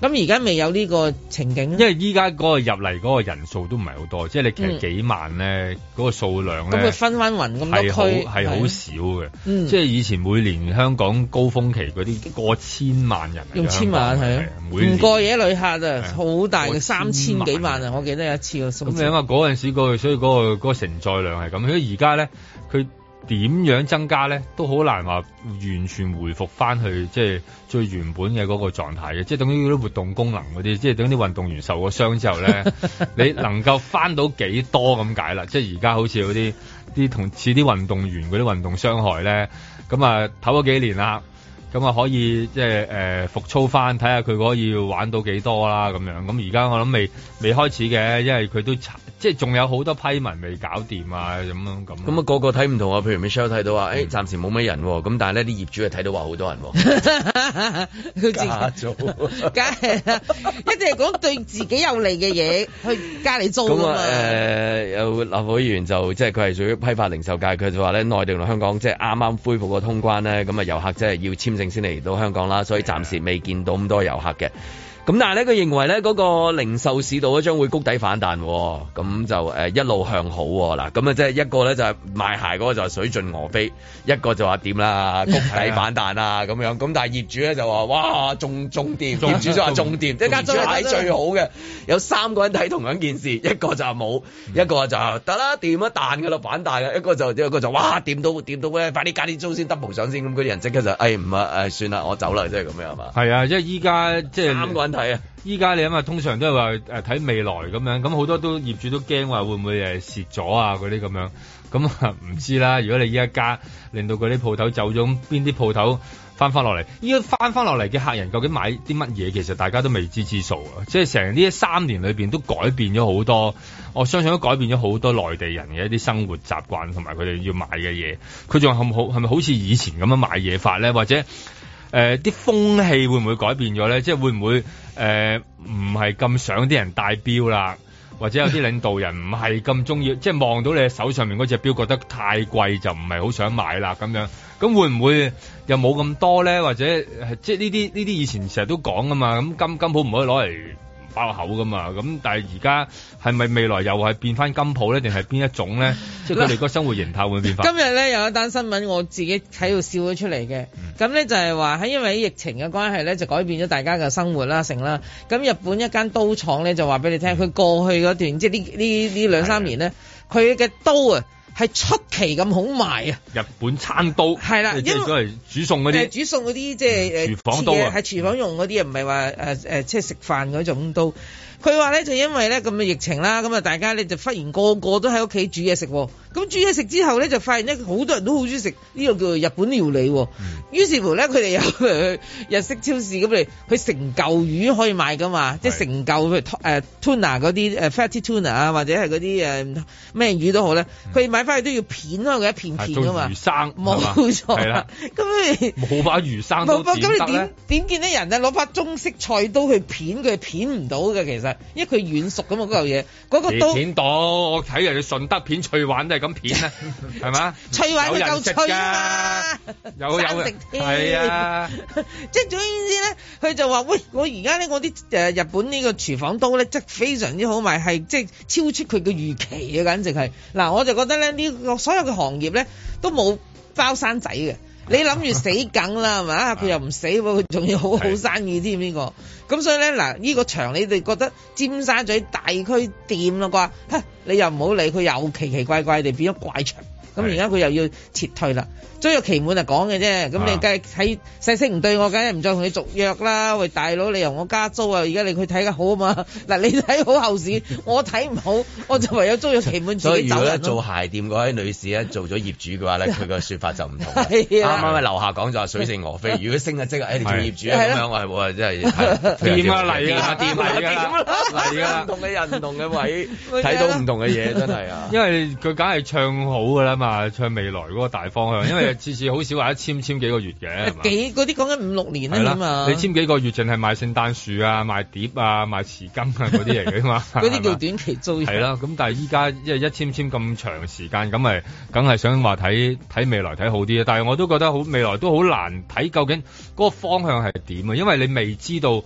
D: 咁而家未有呢個情景呢，
C: 因為而家嗰個入嚟嗰個人數都唔係好多，即係你其實幾萬呢嗰、嗯嗰個數量咧，咁佢分
D: 翻勻咁多區，係好少嘅、嗯。即係
C: 以前每年香港高峰期嗰啲過、啊過啊、過千萬人，用千萬係，每年過夜
D: 旅客好大嘅三千幾萬人。我記得有一次個數。咁因為嗰陣
C: 時過去，所以嗰、嗰個嗰、嗰個承載量係咁。所以而家呢，佢。點樣增加咧，都好難話完全回復翻去即係最原本嘅嗰個狀態嘅，即係等於嗰啲活動功能嗰啲，即係等於啲運動員受過傷之後咧， 你能夠翻到幾多咁解啦？即係而家好似嗰啲啲同似啲運動員嗰啲運動傷害咧，咁啊唞咗幾年啦，咁啊可以即係誒復操翻，睇下佢可以玩到幾多啦咁樣。咁而家我諗未未開始嘅，因為佢都即係仲有好多批文未搞掂啊！咁樣咁咁啊個個睇唔同啊。譬如 Michelle 睇到話，誒、欸、暫時冇
B: 咩人喎、啊。咁但係呢啲業主係睇到話好多人、啊。佢自己做，梗
D: 係 家祖 一直係講對自己有利嘅嘢去隔離做、嗯嗯、啊嘛。誒
B: 有立法會議員就即係佢係屬於批發零售界，佢就話咧內地同香港即係啱啱恢復個通關咧，咁啊遊客即係要簽證先嚟到香港啦，所以暫時未見到咁多遊客嘅。咁但係咧，佢認為咧，嗰、那個零售市道咧將會谷底反彈，咁、哦、就誒、呃、一路向好嗱。咁啊，即係一個咧就係、是、賣鞋嗰個就水盡鵝飛，一個就話點啦，谷底反彈啊咁樣。咁但係業主咧就話：哇，仲仲掂！業主就話仲掂，一間租底最好嘅，有三個人睇同樣件事，一個就冇、嗯，一個就得啦，掂一彈㗎喇，反彈嘅，一個就一個就，一個就哇，掂到掂到咧，快啲加啲租先，double 上先。咁嗰啲人即刻就誒唔啊誒算啦，我走啦，即係咁樣係
C: 嘛？係啊，即係依家即係三個人係啊！依家你諗下，通常都係話誒睇未來咁樣，咁好多都業主都驚話會唔會誒蝕咗啊？嗰啲咁樣，咁啊唔知啦。如果你依一家令到佢啲鋪頭走咗，邊啲鋪頭翻翻落嚟？依家翻翻落嚟嘅客人究竟買啲乜嘢？其實大家都未知之數啊！即係成呢三年裏邊都改變咗好多，我相信都改變咗好多內地人嘅一啲生活習慣同埋佢哋要買嘅嘢。佢仲係好係咪好似以前咁樣買嘢法咧？或者誒啲、呃、風氣會唔會改變咗咧？即係會唔會？誒唔係咁想啲人戴表啦，或者有啲領導人唔係咁中意， 即係望到你手上面嗰隻表覺得太貴就唔係好想買啦咁樣，咁會唔會又冇咁多咧？或者即係呢啲呢啲以前成日都講㗎嘛，咁根根本唔可以攞嚟。爆口噶嘛，咁但係而家係咪未來又係變翻金鋪咧，定係邊一種咧？即係佢哋個生活形態會唔會變化？ 今
D: 日咧有一單新聞，我自己喺度笑咗出嚟嘅。咁、嗯、咧就係話喺因為疫情嘅關係咧，就改變咗大家嘅生活啦、成啦。咁日本一間刀廠咧就話俾你聽，佢、嗯、過去嗰段即係呢呢呢兩三年咧，佢嘅刀啊～係出奇咁好賣啊！日本餐刀
C: 係啦，因為都係煮餸嗰啲，煮
D: 餸嗰啲即係誒，廚房刀，喺廚房用嗰啲啊，唔係話誒誒，即係食飯嗰種刀。佢話咧就因為咧咁嘅疫情啦，咁啊大家咧就忽然個個都喺屋企煮嘢食。咁煮嘢食之後咧，就發現咧好多人都好中意食呢個叫做日本料理、哦嗯。於是乎咧，佢哋有日式超市咁嚟，佢成嚿魚可以買㗎嘛，即係成嚿誒 tuna 嗰啲誒 fatty tuna 啊，或者係嗰啲誒咩魚都好咧。佢、嗯、買翻去都要片開佢一片片㗎嘛。做魚生冇錯，係啦。咁
C: 你冇把魚生都點？
D: 點見啲人呢？攞把中式菜刀去片佢？片唔到嘅其實，因為佢軟熟咁嘛，嗰嚿嘢嗰個刀片刀，我
C: 睇人哋順德片脆鯇。咁片啊，係 嘛？脆位佢夠脆㗎，
D: 有有 食天有，係啊！即係總之咧，佢就話：喂，我而家呢，我啲誒日本呢個廚房刀咧，即係非常之好賣，係即係超出佢嘅預期嘅、啊，簡直係。嗱，我就覺得咧，呢、呢個所有嘅行業咧，都冇包生仔嘅。你諗住死梗啦係嘛？啊， 佢又唔死喎，佢仲要好好生意添呢個？咁所以咧嗱，呢個場你哋覺得尖沙咀大區掂啦啩？嚇、啊，你又唔好理佢，又奇奇怪怪地變咗怪場。咁而家佢又要撤退啦，租約期滿就講嘅啫。咁你梗係睇細聲唔對我，梗係唔再同你續約啦。喂，大佬你由我加租啊！而家你佢睇得好啊嘛。嗱，你睇好後市，我睇唔好，我就唯有租約期滿自己走啦 所以如果一做
B: 鞋店嗰位女士咧做咗業主嘅話咧，佢個説法就
D: 唔同。啱啱
B: 咪樓下講就話水性鵝飛。如果升嘅即係、哎、業主咁、啊、樣我、啊，我係、啊啊啊啊啊啊、真係掂啊嚟，掂嚟㗎。嚟㗎，唔同嘅
D: 人唔同嘅位，睇到唔
B: 同嘅嘢
C: 真係啊。因為佢梗係唱好㗎啦嘛。啊！唱未來嗰個大方向，因為次次好少話一籤籤幾個月嘅，
D: 幾嗰啲講緊五六年咁啊，你籤
C: 幾個月，淨係賣聖誕樹啊、賣碟啊、賣匙羹啊嗰啲嚟嘅嘛。嗰啲叫短
D: 期租人。係 啦是吧，
C: 咁 但係依家一一籤籤咁長時間，咁咪梗係想話睇睇未來睇好啲。但係我都覺得好未來都好難睇，究竟嗰個方向係點啊？因為你未知道。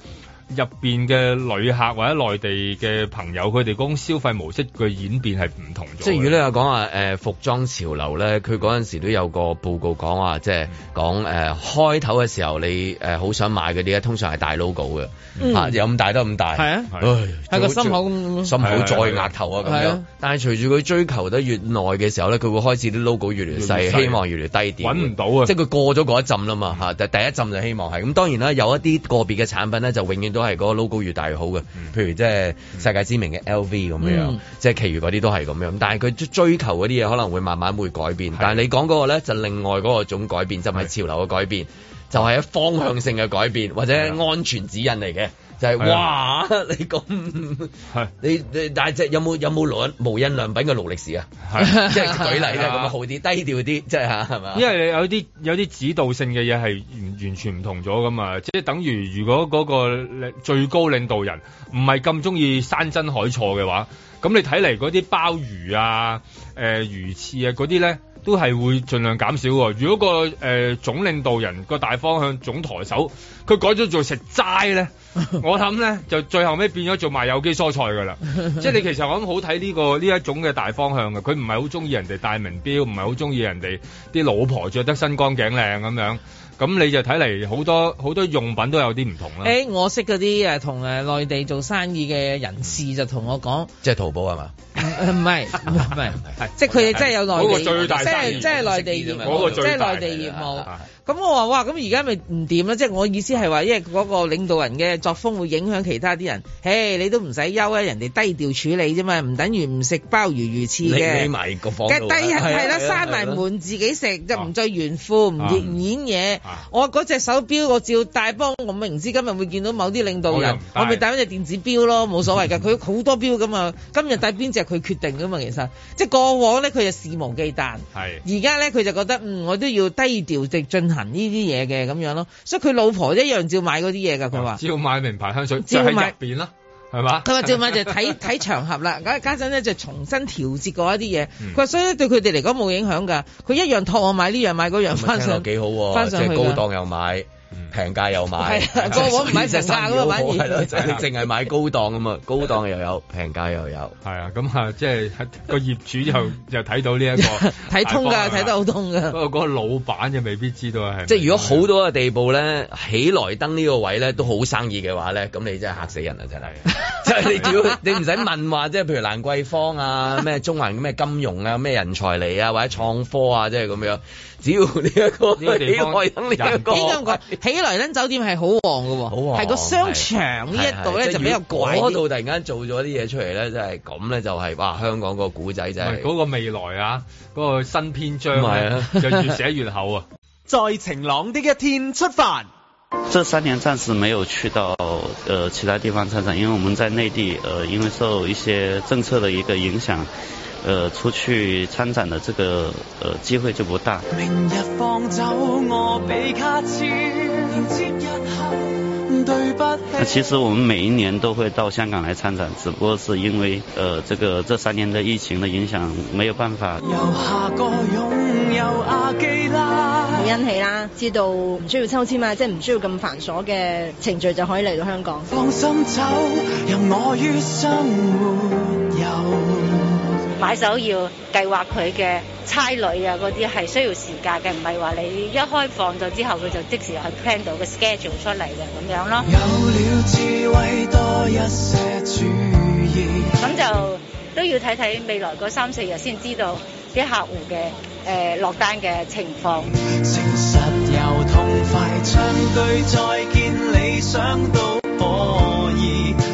C: 入邊嘅旅客或者內地嘅朋友，佢哋講消費模式嘅演變係唔同咗。即係如果你講話誒服裝潮流咧，佢嗰陣時都有個報告講話，
B: 即係講誒開頭嘅時候你誒好、呃、想買嗰啲咧，通常係大 logo 嘅、嗯啊、有咁大得咁大。係啊，喺、啊、個心口
E: 心口再額頭啊咁、啊、樣。
B: 啊、但係隨住佢追求得越耐嘅時候咧，佢會開始啲 logo 越嚟越細，希望越嚟越低點。揾唔到啊！即係佢過咗嗰一陣啦嘛嚇，但第一陣就希望係咁。當然啦，有一啲個別嘅產品咧，就永遠，都係嗰個 logo 越大越好嘅，譬如即係世界知名嘅 LV 咁樣，即、嗯、係其餘嗰啲都係咁樣。但係佢追求嗰啲嘢可能會慢慢會改變，但係你講嗰個咧就另外嗰個種改變就唔係潮流嘅改變，就係一方向性嘅改變或者安全指引嚟嘅。就係、是、哇！是 你咁，你你但即有冇有冇勞無印良
C: 品嘅勞力士啊？
B: 即係 舉例咧，咁好啲，低調啲，即係嚇係嘛？因
C: 為你有啲有啲指導性嘅嘢係完完全唔同咗噶嘛。即係等於如果嗰個最高領導人唔係咁中意山珍海錯嘅話，咁你睇嚟嗰啲鮑魚啊、誒、呃、魚翅啊嗰啲咧，都係會盡量減少喎。如果、嗰個誒、呃、總領導人個大方向總抬手，佢改咗做食齋咧。 我諗咧就最後尾變咗做賣有機蔬菜噶啦， 即係你其實我諗好睇呢、這個呢一種嘅大方向嘅，佢唔係好中意人哋戴名錶，唔係好中意人哋啲老婆着得身光頸靚咁樣，咁你就睇嚟好多好多用品都有啲唔同啦。誒、欸，
D: 我識嗰啲誒同誒內地做生意嘅人士就同我講，即係淘寶係嘛？唔係唔係，即係佢哋真係有內地，有有 內地、那個不不，即係即係內地業，即係內地業務。咁我話哇，咁而家咪唔掂咯？即係我意思係話，因為嗰個領導人嘅作風會影響其他啲人。你都唔使憂啊，人哋低調處理啫嘛，唔等於唔食鮑魚魚翅嘅。你
B: 埋個房，第日係啦，閂埋門
D: 自己食就唔再炫富，唔、啊、演嘢、啊啊。我嗰隻手錶我照戴，幫我明知今日會見到某啲領導人，我咪戴嗰隻電子錶咯，冇所謂嘅。佢好多錶噶嘛，今日戴邊隻？佢決定噶嘛，其實即係過往咧，佢就肆無忌憚。係，而家咧佢就覺得嗯，我都要低調地進行呢啲嘢嘅咁樣咯。所以佢老婆一樣照買嗰啲嘢㗎。佢話，照、
C: 哦、買名牌香水，照買入邊啦，係嘛？佢話照買就睇
D: 睇 場合啦。家陣咧就重新調節過一啲嘢。佢、嗯、話所以對佢哋嚟講冇影響㗎。佢一樣託我買呢樣買嗰樣返上，幾好，返上，即高檔
B: 又買。平價又買，我唔係成日晒咁啊，啊反而，係
D: 你淨
C: 係買高檔咁嘛，高檔又有，平價、啊、又有，係啊，咁、嗯、啊，即係個業主又又睇到呢一個，睇、嗯嗯嗯嗯、通噶，睇、啊、得好通噶，不過嗰個老闆就未
B: 必知道啊。即係如果好多嘅地步咧，喜來登呢個位咧都好生意嘅話咧，咁你真係嚇死人啊，真係，即 係你你唔使問話，即係譬如蘭桂坊啊，咩中環咩金融啊，咩人才嚟啊，或者創科啊，即係咁樣。只要呢、這、一個，你、這個可以，呢個呢個咁
D: 講，起來呢酒店係好旺噶，係個商場一呢一度咧就比較鬼。呢度突
B: 然間做咗啲嘢出嚟咧，真係咁咧就係、是就是、哇！香港個古
C: 仔就係、是、嗰、那個未來啊，嗰、那個新篇章咧、啊啊、就越寫越厚啊！ 在晴朗的一天出發。
B: 這三年暫時沒有去到，呃，其他地方參展，因為我們在內地，呃，因為受一些政策的一個影響。呃，出去參展的這個呃機會就不大。明
A: 日放心走我被卡後對，那
B: 其實我們每一年都會到香港來參展，只不過是因為呃這個這三年的疫情的影響，沒有辦法。
D: 有擁很欣喜啦，知道唔需要抽簽啊，即係唔需要咁繁瑣嘅程序就可以嚟到香港。放
A: 心走讓我生
B: 買手要計劃佢嘅差旅啊，嗰啲係需要時間嘅，唔係話你一開放咗之後佢就即時去 plan 到個 schedule 出嚟嘅咁樣咯。有
A: 了智慧，多一些主意。
B: 咁就都要睇睇未來嗰三四日先知道啲客戶嘅、呃、落單嘅情況。誠實又痛快，
A: 唱句再見，理想都可以。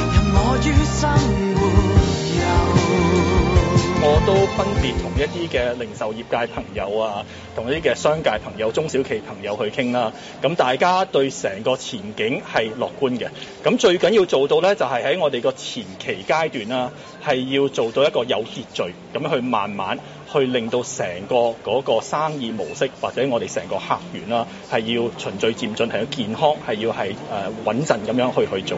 C: 我都分別同一啲嘅零售業界朋友啊，同一啲嘅商界朋友、中小企朋友去傾啦。咁大家對成個前景係樂觀嘅。咁最緊要做到呢，就係喺我哋個前期階段啦，係要做到一個有秩序，咁樣去慢慢去令到成個嗰個生意模式或者我哋成個客源啦，係要循序漸進，係要健康，係要係誒穩陣咁樣去去做。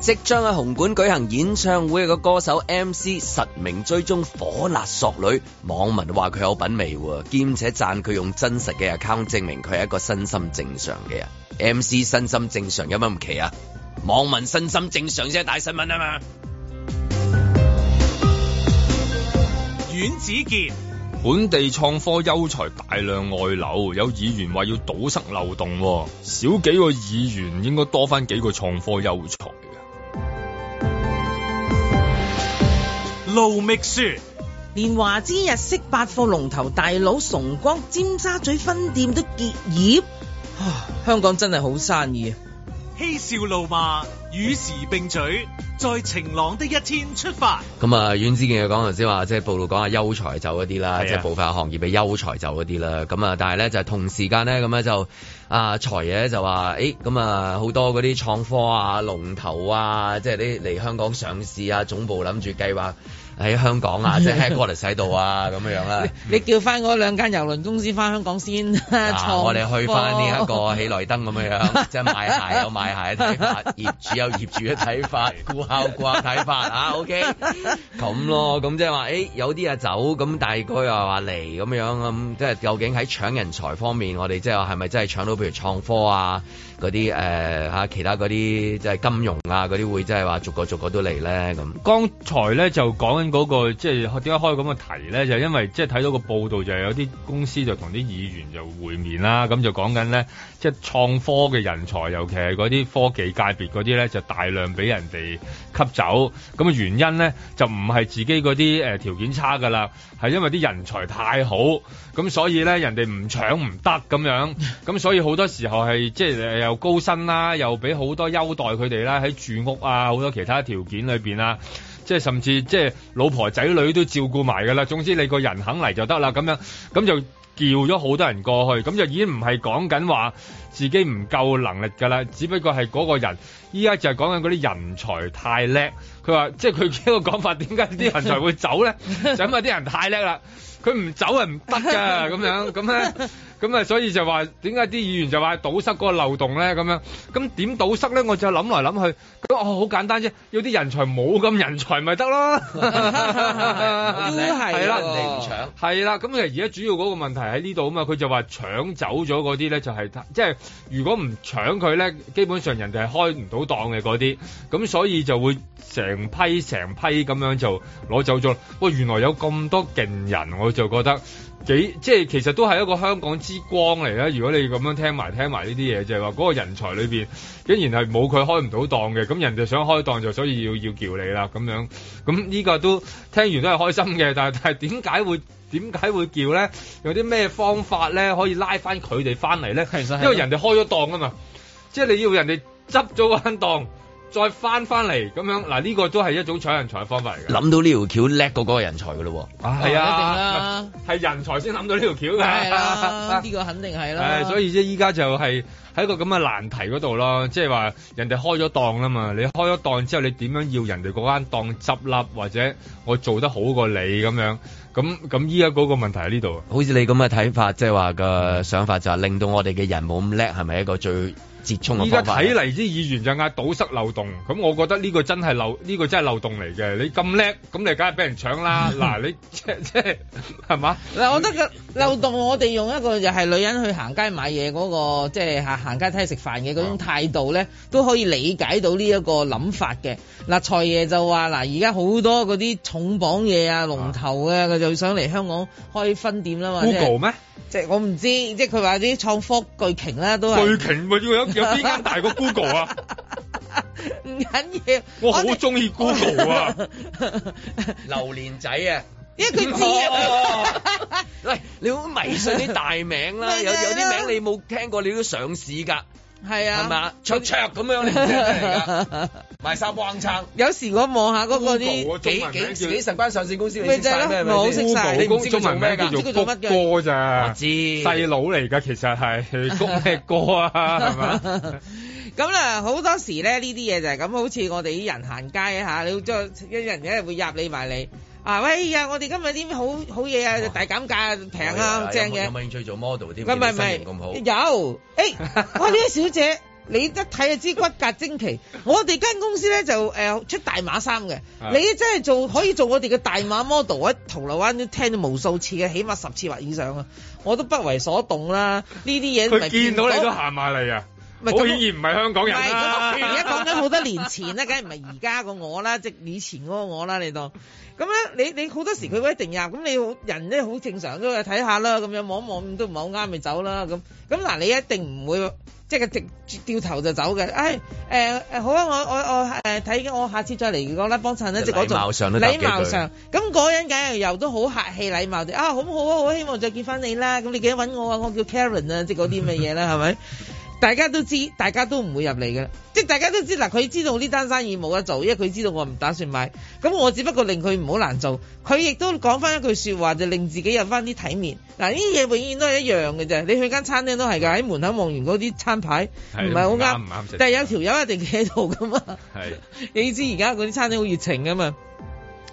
B: 即將喺紅館舉行演唱會嘅個歌手 M.C. 實名追蹤火辣索女，網民話佢有品味，兼且讚佢用真實嘅 account 證明佢係一個身心正常嘅人。M.C. 身心正常有乜唔奇啊？網民身心正常啫，大新聞啊嘛！
A: 阮子健
C: 本地創科優才大量外流，有議員話要堵塞漏洞，少幾個議員應該多翻幾個創科優才。
D: 路未舒，連華之日式百貨龍頭大佬崇光尖沙咀分店都結業。啊，香港真係好生意。
A: 嬉笑怒罵，與時並進，在晴朗的一天出發。
B: 咁啊，阮子健又講頭先話，即係報道講下優才就嗰啲啦，即係暴發行業嘅優才就嗰啲啦。咁啊，但係咧就係同時間咧，咁咧就啊財爺就話，誒咁啊好多嗰啲創科啊、龍頭啊，即係啲嚟香港上市啊、總部諗住計劃。喺香港啊，即係過嚟洗度啊，咁樣樣啦、
D: 啊。你叫翻嗰兩間郵輪公司翻香港先、啊啊，我哋去翻呢一個
B: 喜來登咁樣即係賣鞋有賣鞋嘅睇法， 業主有業主嘅睇法， 顧客顧客睇法 啊。OK，咁咯，咁即係話，誒、欸、有啲人走，咁但係佢又話嚟，咁樣咁，即係究竟喺搶人才方面，我哋即係係咪真係搶到譬如創科啊？嗰啲誒吓其他嗰啲即係金融啊嗰啲會即係話逐個逐個都嚟咧咁。
C: 剛才咧就講緊嗰個即係點解開咁嘅題咧？就、那個就是為呢就是、因為即係睇到個報道就係、是、有啲公司就同啲議員就會面啦，咁就講緊咧即係創科嘅人才，尤其係嗰啲科技界別嗰啲咧，就大量俾人哋吸走。咁原因咧就唔係自己嗰啲誒條件差㗎啦，係因為啲人才太好，咁所以咧人哋唔搶唔得咁樣，咁所以好多時候係即係，就是又高薪啦，又俾好多優待佢哋啦，喺住屋啊，好多其他條件裏邊啦，即係甚至即係老婆仔女都照顧埋噶啦。總之你個人肯嚟就得啦，咁樣咁就叫咗好多人過去，咁就已經唔係講緊話自己唔夠能力噶啦，只不過係嗰個人依家就係講緊嗰啲人才太叻。佢話即係佢幾個講法，點解啲人才會走咧？就因為啲人太叻啦，佢唔走係唔得噶，咁樣咁咧。咁啊，所以就話點解啲議員就話堵塞嗰個漏洞咧？咁樣咁點堵塞咧？我就諗來諗去，咁好簡單啫，要啲人才冇咁人才咪得咯？都係係啦，人哋唔搶係啦。咁而家主要嗰個問題喺呢度啊嘛。佢就話搶走咗嗰啲咧，就係即係如果唔搶佢咧，基本上人哋係開唔到檔嘅嗰啲。咁所以就會成批成批咁樣就攞走咗。哇！原來有咁多勁人，我就覺得。幾即係其實都係一個香港之光嚟啦！如果你咁樣聽埋聽埋呢啲嘢，就係話嗰個人才裏邊，竟然係冇佢開唔到檔嘅。咁人哋想開檔就所以要要叫你啦咁樣。咁呢個都聽完都係開心嘅。但係但係點解會點解會叫咧？有啲咩方法咧可以拉翻佢哋翻嚟咧？其實，因為人哋開咗檔啊嘛，即係你要人哋執咗嗰間檔。再翻翻嚟咁樣嗱，呢、啊，呢個都係一種搶人才嘅方法嚟。諗
B: 到呢條橋叻過嗰個人才噶咯，係啊，一定，
C: 係、啊、人才先諗到呢條橋噶，呢
D: 個肯定係啦、啊。所以
C: 即依家就係喺個咁嘅難題嗰度咯，即係話人哋開咗檔啦嘛，你開咗檔之後，你點樣要人哋嗰間檔執笠，或者我做得好過你咁樣？咁咁依家嗰個問題喺呢度。
B: 好似你咁嘅睇法，即係話個想法就係令到我哋嘅人冇咁叻，係咪一個最？依家睇嚟，
C: 啲議員就嗌堵塞漏洞，咁我覺得呢個真係漏，呢個真係漏洞嚟嘅。你咁叻，咁你梗係俾人搶啦！嗱、 啊，你即即係係嘛？
D: 嗱，我覺得漏洞，我哋用一個就係女人去行街買嘢嗰、那個，即係行行街睇食飯嘅嗰種態度咧、啊，都可以理解到呢一個諗法嘅。嗱、啊，財爺就話嗱，而家好多嗰啲重磅嘢啊，龍頭啊，佢就想嚟香港開分店啦嘛。即係我唔知，即係佢話啲創科巨擎啦，都係巨擎，咪要有有邊間大過 Google 啊？唔 緊要，我好中意 Google 啊！ 榴蓮仔啊，因為佢知、哦、 啊，
B: 喂，你好迷信啲大名啦，有有啲名你冇聽過，你都上市㗎。係啊，灼灼咁樣嚟嘅嚟噶， 賣衫
D: 幫撐。有時我望下嗰個啲幾幾幾十間上市公司，你識晒咩？唔係好識晒，Google, 你公司中文名叫,叫做谷歌
C: 咋？知細佬嚟噶，其實係谷咩哥啊？係 嘛是吧？
D: 咁 啊，好多時咧呢啲嘢就係咁，好似我哋啲人行街一下，你再一人一日會入你埋你。啊！喂呀！我哋今日啲咩好好嘢啊？大減價、平啊、正、哦、嘅、啊。有冇興
B: 趣做 model 啲？唔係唔係咁好。
D: 有誒，哇、欸！呢 個、哎、小姐，你一睇就知骨骼精奇。我哋間公司咧就誒、呃、出大碼衫嘅。 你真係做可以做我哋嘅大碼 model。喺銅鑼灣都聽到無數次嘅，起碼十次或以上啊！我都不為所動啦。呢啲嘢佢見到你都行埋嚟啊！好顯然唔係香港人。而家講緊好多年前啦，梗係唔係而家個我啦，即 以前嗰個我啦，你當。咁、嗯、咧，你你好多時佢嗰一定額，咁你好人咧好正常都係睇下啦，咁樣望一望都唔係好啱咪走啦咁。咁嗱，你一定唔會即係直掉頭就走嘅。唉、哎，誒、呃、好啊，我我我睇緊，我下次再嚟如果啦，幫襯呢，即係嗰種禮貌上咁嗰人梗係又都好客氣，禮貌啲啊，好唔好啊？好，好希望再見翻你啦。咁你記得揾我啊？我叫 Karen 啊， 即係嗰啲咩嘢啦，係咪？大家都知，大家都唔會入嚟㗎，即係大家都知嗱，佢知道呢單生意冇得做，因為佢知道我唔打算買，咁我只不過令佢唔好難做，佢亦都講翻一句說話，就令自己有翻啲體面。嗱，呢啲嘢永遠都係一樣嘅啫，你去間餐廳都係㗎，喺門口望完嗰啲餐牌，唔係好啱，唔啱食，但係有條友一定企喺度㗎嘛。係， 你知而家嗰啲餐廳好熱情㗎嘛，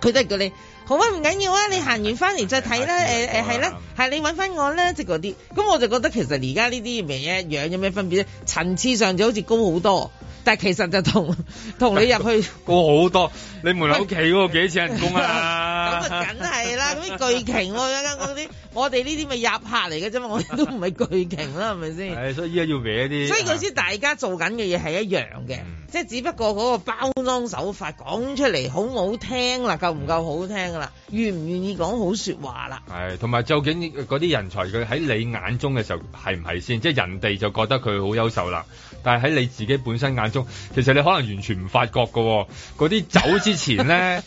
D: 佢都係叫你。好啊，唔緊要啊，你行完翻嚟再睇啦。係啦，係、呃、你搵翻我啦，即係嗰啲。咁我就覺得其實而家呢啲嘢一樣，有咩分別咧？層次上就好似高好多，但其實就同同你入去
C: 高好多。 你門口企嗰個幾錢人工啊？咁 啊，梗
D: 係啦，嗰啲巨鯨喎，啱啱啲。我哋呢啲咪入客嚟嘅啫嘛，我哋都唔係巨鯨啦，係咪先？
C: 所以依家要搲啲。所以
D: 先大家做緊嘅嘢係一樣嘅、嗯，即係只不過嗰個包裝手法講出嚟好唔好聽啦，夠唔夠好聽？夠願唔願意講好說話啦？
C: 係、哎，同埋究竟嗰啲人才佢喺你眼中嘅時候係唔係先？即係人哋就覺得佢好優秀啦，但係喺你自己本身眼中，其實你可能完全唔發覺噶、哦。嗰啲走之前咧，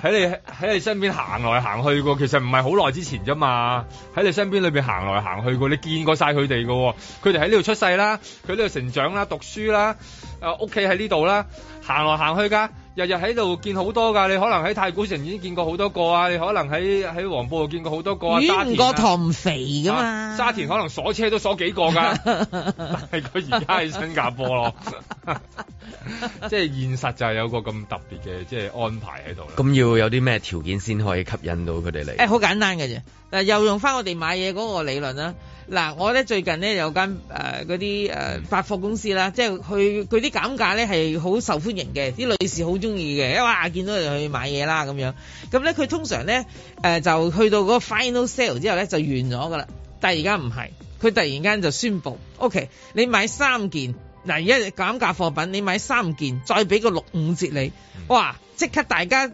C: 喺 你喺你身邊行來行去過，其實唔係好耐之前啫嘛。喺你身邊裏邊行來行去過，你見過晒佢哋噶。佢哋喺呢度出世啦，佢喺呢度成長啦，讀書啦，誒，屋企喺呢度啦，行來行去噶。日日喺度見好多噶，你可能喺太古城已經見過好多個啊，你可能喺喺黃埔又見過好多個過啊。魚唔過塘
D: 唔肥噶嘛，
C: 沙田可能鎖車都鎖幾個噶， 但係佢而家喺新加坡咯。即 係 現實就係有個
D: 咁特別嘅即係安排喺度
C: 啦。咁
B: 要有啲咩條件先可以吸引到佢哋嚟？誒、欸，
D: 好簡單嘅啫，嗱，又用翻我哋買嘢嗰個理論啦。嗱，我咧最近咧有間誒嗰啲誒百貨公司啦，即係佢佢啲減價咧係好受歡迎嘅，啲女士好中意嘅，一話見到你去買嘢啦咁樣。咁咧佢通常咧誒、呃、就去到個個 final sale 之後咧就完咗噶啦，但係而家唔係，佢突然間就宣布，OK，你買三件嗱而家減價貨品，你買三件再俾個六五折你，哇！即刻大家。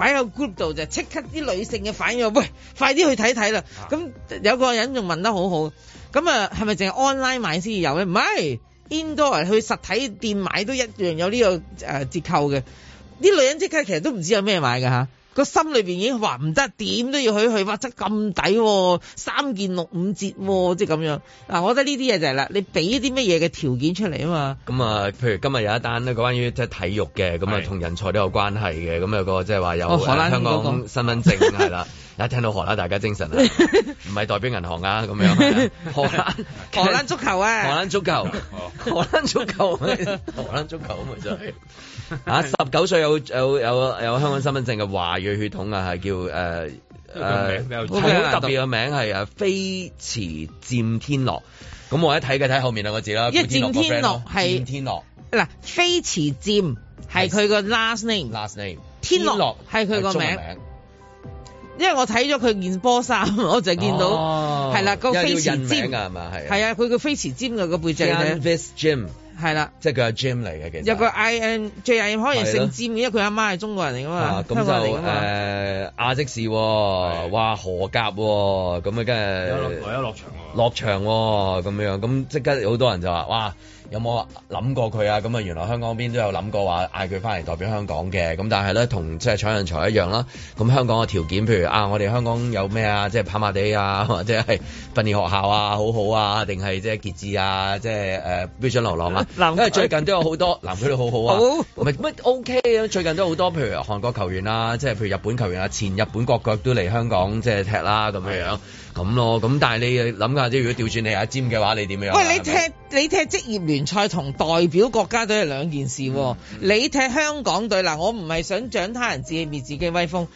D: 擺喺 group 度就即刻啲女性嘅反應喂，快啲去睇睇啦！咁、啊、有個人仲問得好好，咁啊係咪淨係 online 買先有咧？唔係，indoor 去實體店買都一樣有呢、這個誒、呃、折扣嘅。啲女人即刻其實都唔知有咩買㗎吓。個心裏邊已經話唔得，點都要去去，或者咁抵，三件六五折，即係咁樣。嗱、啊，我覺得呢啲嘢就係啦，你俾一啲乜嘢嘅條件出嚟啊嘛。
B: 咁啊，譬如今日有一單呢，關於即係體育嘅，咁啊同人才都有關係嘅，咁有個即係話有、可能、香港身份證係啦。 一聽到荷蘭，大家精神啊！唔係代表銀行啊，咁樣。荷蘭，荷蘭
D: 足球啊，荷
B: 蘭足球，荷蘭足球，荷蘭足球啊嘛，就係 啊！十九歲有有有有香港身份證嘅華裔血統啊，係叫誒特別嘅名係誒飛馳佔天樂。咁、呃、我一睇嘅睇後面兩個字啦，一占天樂係。佔
D: 天樂嗱，飛馳佔係佢個 last name，last name, name 天樂係佢個名。因為我睇咗佢件波衫，我就見到係啦，哦個飛馳尖㗎係嘛係。係啊，佢個飛馳尖嘅個背脊 v e s t Jim 係啦，即係佢阿 Jim 嚟嘅其實。有個 I N 即係可能是姓尖嘅，因為佢阿媽係中國人嚟㗎嘛。咁、啊、就誒、
B: 呃、亞積士、哦、哇荷甲咁、哦、啊，梗係。落落場落場喎、哦，咁樣咁即刻好多人就話，哇，有冇諗過佢啊？咁啊，原來香港邊都有諗過話嗌佢翻嚟代表香港嘅，咁但係咧，同即係搶人才一樣啦。咁香港嘅條件，譬如啊，我哋香港有咩啊？即係跑馬地啊，或者係訓練學校啊，好好啊，定係即係傑志啊，即係誒標準流浪啊南。因為最近都有好多南區都好好啊，唔係乜 OK 啊。最近都好多，譬如韓國球員啦、啊，即係譬如日本球員啊，前日本國腳都嚟香港即係踢啦，咁樣。啊咁囉，咁但係你諗下，即如果調轉你阿詹嘅話，你點樣？喂，你踢
D: 你踢職業聯賽同代表國家隊係兩件事、啊。喎、嗯。你踢香港隊嗱，我唔係想長他人志氣滅自己威風。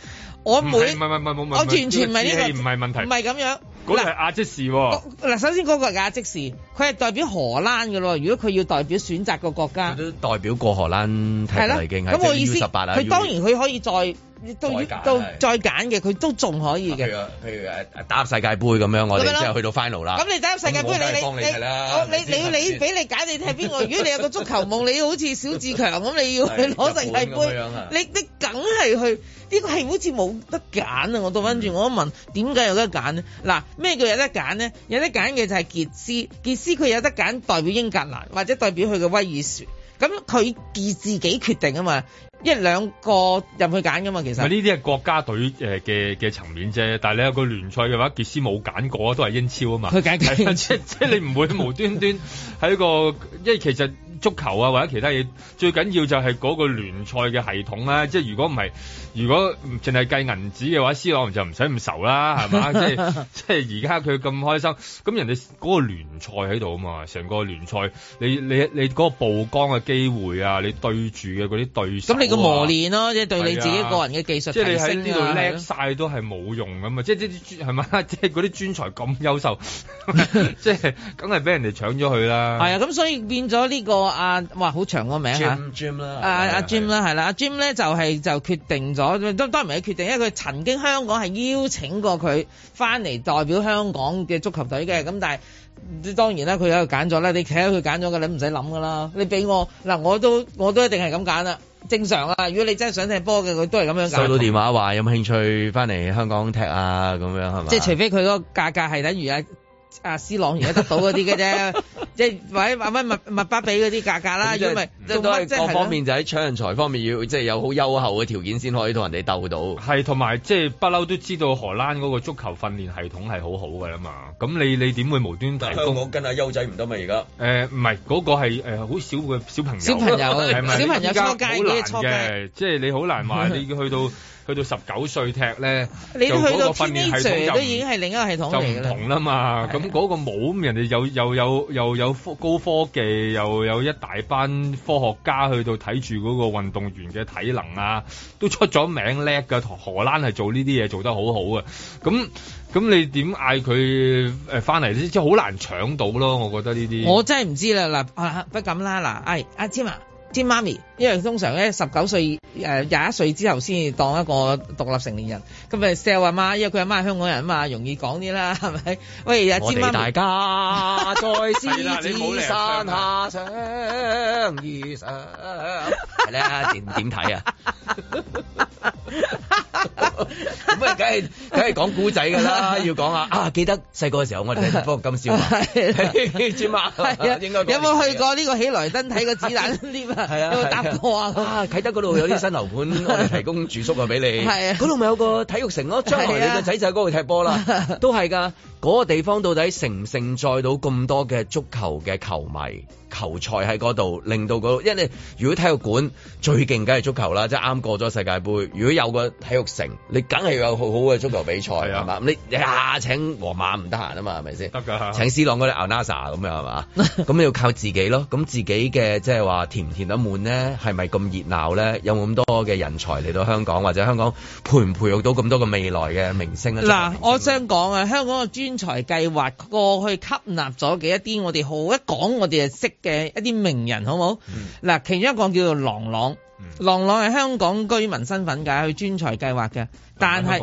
D: 我唔係我完
C: 全唔係呢個。唔係問題，唔係
D: 咁樣嗱。阿積士嗱、啊，首先嗰個係阿積士，佢係代表荷蘭㗎咯。如果佢要代表選擇個國家，都代表過荷蘭係啦已經。咁我意思，佢當然佢可以再。到到再揀嘅佢都仲可以嘅，譬如譬如
B: 誒打世界盃咁樣，我哋之後去到 final 啦。咁你打入世界盃你你你你
D: 俾你揀你，你，你踢邊個？ 如果你有個足球夢，你要好似小志強咁，你要去攞世界盃，你你梗係去呢個係好似冇得揀啊！我倒翻轉我問點解有得揀呢？嗱咩叫有得揀呢？有得揀嘅就係傑斯，傑斯佢有得揀代表英格蘭或者代表佢嘅威爾士，咁佢自自己決定啊嘛。一兩個入去揀噶嘛，其實呢
C: 啲係國家隊誒嘅嘅層面啫，但係你有個聯賽嘅話，傑斯冇揀過啊，都係英超啊嘛。佢揀緊，即即係你唔會無端端喺個， 因為其實。足球啊，或者其他嘢，最緊要就係嗰個聯賽嘅系統啦，啊。即係如果唔係，如果淨係計銀紙嘅話，C 朗就唔使咁愁啦，係嘛？即係即係而家佢咁開心，咁人哋嗰個聯賽喺度啊嘛，成個聯賽，你你你嗰個曝光嘅機會啊，你對住嘅嗰啲對手，啊，咁你個磨練咯，啊，即係對你自己個人嘅技術，啊啊，即係你喺呢度叻晒都係冇用噶嘛，即係即係，係嘛，即係嗰啲專才咁優秀，即係梗係俾人哋搶咗去啦。係啊，
D: 咁，啊啊，所以變咗呢、這個。阿、啊、哇好長個名吓，阿阿 Jim 啦，係啦，阿 Jim 咧就係、是、就決定咗，都當然唔係決定，因為佢曾經香港係邀請過佢翻嚟代表香港嘅足球隊嘅，咁但係當然啦，佢喺度個揀咗啦，你睇下佢揀咗嘅，你唔使諗噶啦，你俾我嗱我都我都一定係咁揀啦，正常啦，如果你真係想踢波嘅，佢都係咁樣揀。收到電
B: 話話有冇興趣翻嚟香港踢啊？咁樣係嘛？即係除
D: 非佢嗰個價格係等於啊。阿、啊、C 朗而家得到嗰啲嘅啫， 即係或者阿乜麥麥巴比嗰啲價格啦，如果唔係各方面
B: 就喺搶人才方面要即係、就
C: 是、有好優厚嘅條件先可以同人哋鬥到。係同埋即係不嬲都知道荷蘭嗰個足球訓練系統係好好嘅嘛。咁你你點會無端端？但我跟阿優仔唔得嘛而家。誒，唔係嗰個係好少嘅小朋友， 係咪小朋友，小朋友出街嘅，即係你好難話你去到。 去到十九歲踢咧，就嗰個訓練系統都已經
D: 係另一個系統就唔同
C: 啦嘛，咁嗰個冇，咁人哋又又有又有高高科技，又有，有一大班科學家去到睇住嗰個運動員嘅體能啊，都出咗名叻㗎。荷蘭係做呢啲嘢做得好好啊，咁咁你點嗌佢誒翻嚟咧？即係好難搶到咯，我覺得呢啲。我
D: 真係唔知啦，嗱，不敢啦，嗱，誒，阿添啊。千媽咪，因為通常咧十九歲誒廿一歲之後先當一個獨立成年人。咁咪 sell 阿媽，因為佢阿媽係香港人啊嘛，容易講啲啦，係咪？喂，我哋大家在獅子山下
B: 相遇上，咧點點睇啊？咁咪梗係梗係講古仔㗎啦，要講下啊！記得細個嘅時候我我、啊，我哋幫金少華係千媽，
D: 有冇去過呢個喜來登睇個《過子彈 係啊，打波啊，啊，啊，啊！啟德嗰度有啲新
B: 樓盤， 我哋提供住宿啊，俾你。
D: 係 啊，嗰度咪有個體育城咯，將來你個仔仔
B: 喺嗰度踢波啦、啊，都係噶。嗰、嗰個地方到底承唔承載到咁多嘅足球嘅球迷？球賽喺嗰度，令到嗰，因為你如果體育館最勁，梗係足球啦，即係啱過咗世界盃。如果有個體育城，你梗係要有好好嘅足球比賽係、 啊、嘛？你下請皇馬唔得閒啊嘛，係咪先？得㗎，請 C 朗嗰啲阿 Nasa 咁樣係嘛？咁要靠自己咯。咁自己嘅即係話填唔填得滿咧？係咪咁熱鬧咧？有冇咁多嘅人才嚟到香港或者香港培唔培育到咁多嘅未來嘅明星咧？嗱，
D: 我想講啊，香港嘅專才計劃過去吸納咗幾一啲，我哋好一講我哋係識。嘅一啲名人好唔好？嗱、嗯，其中一個叫做郎朗，朗，郎、嗯、朗係香港居民身份㗎，佢專才計劃嘅，是但係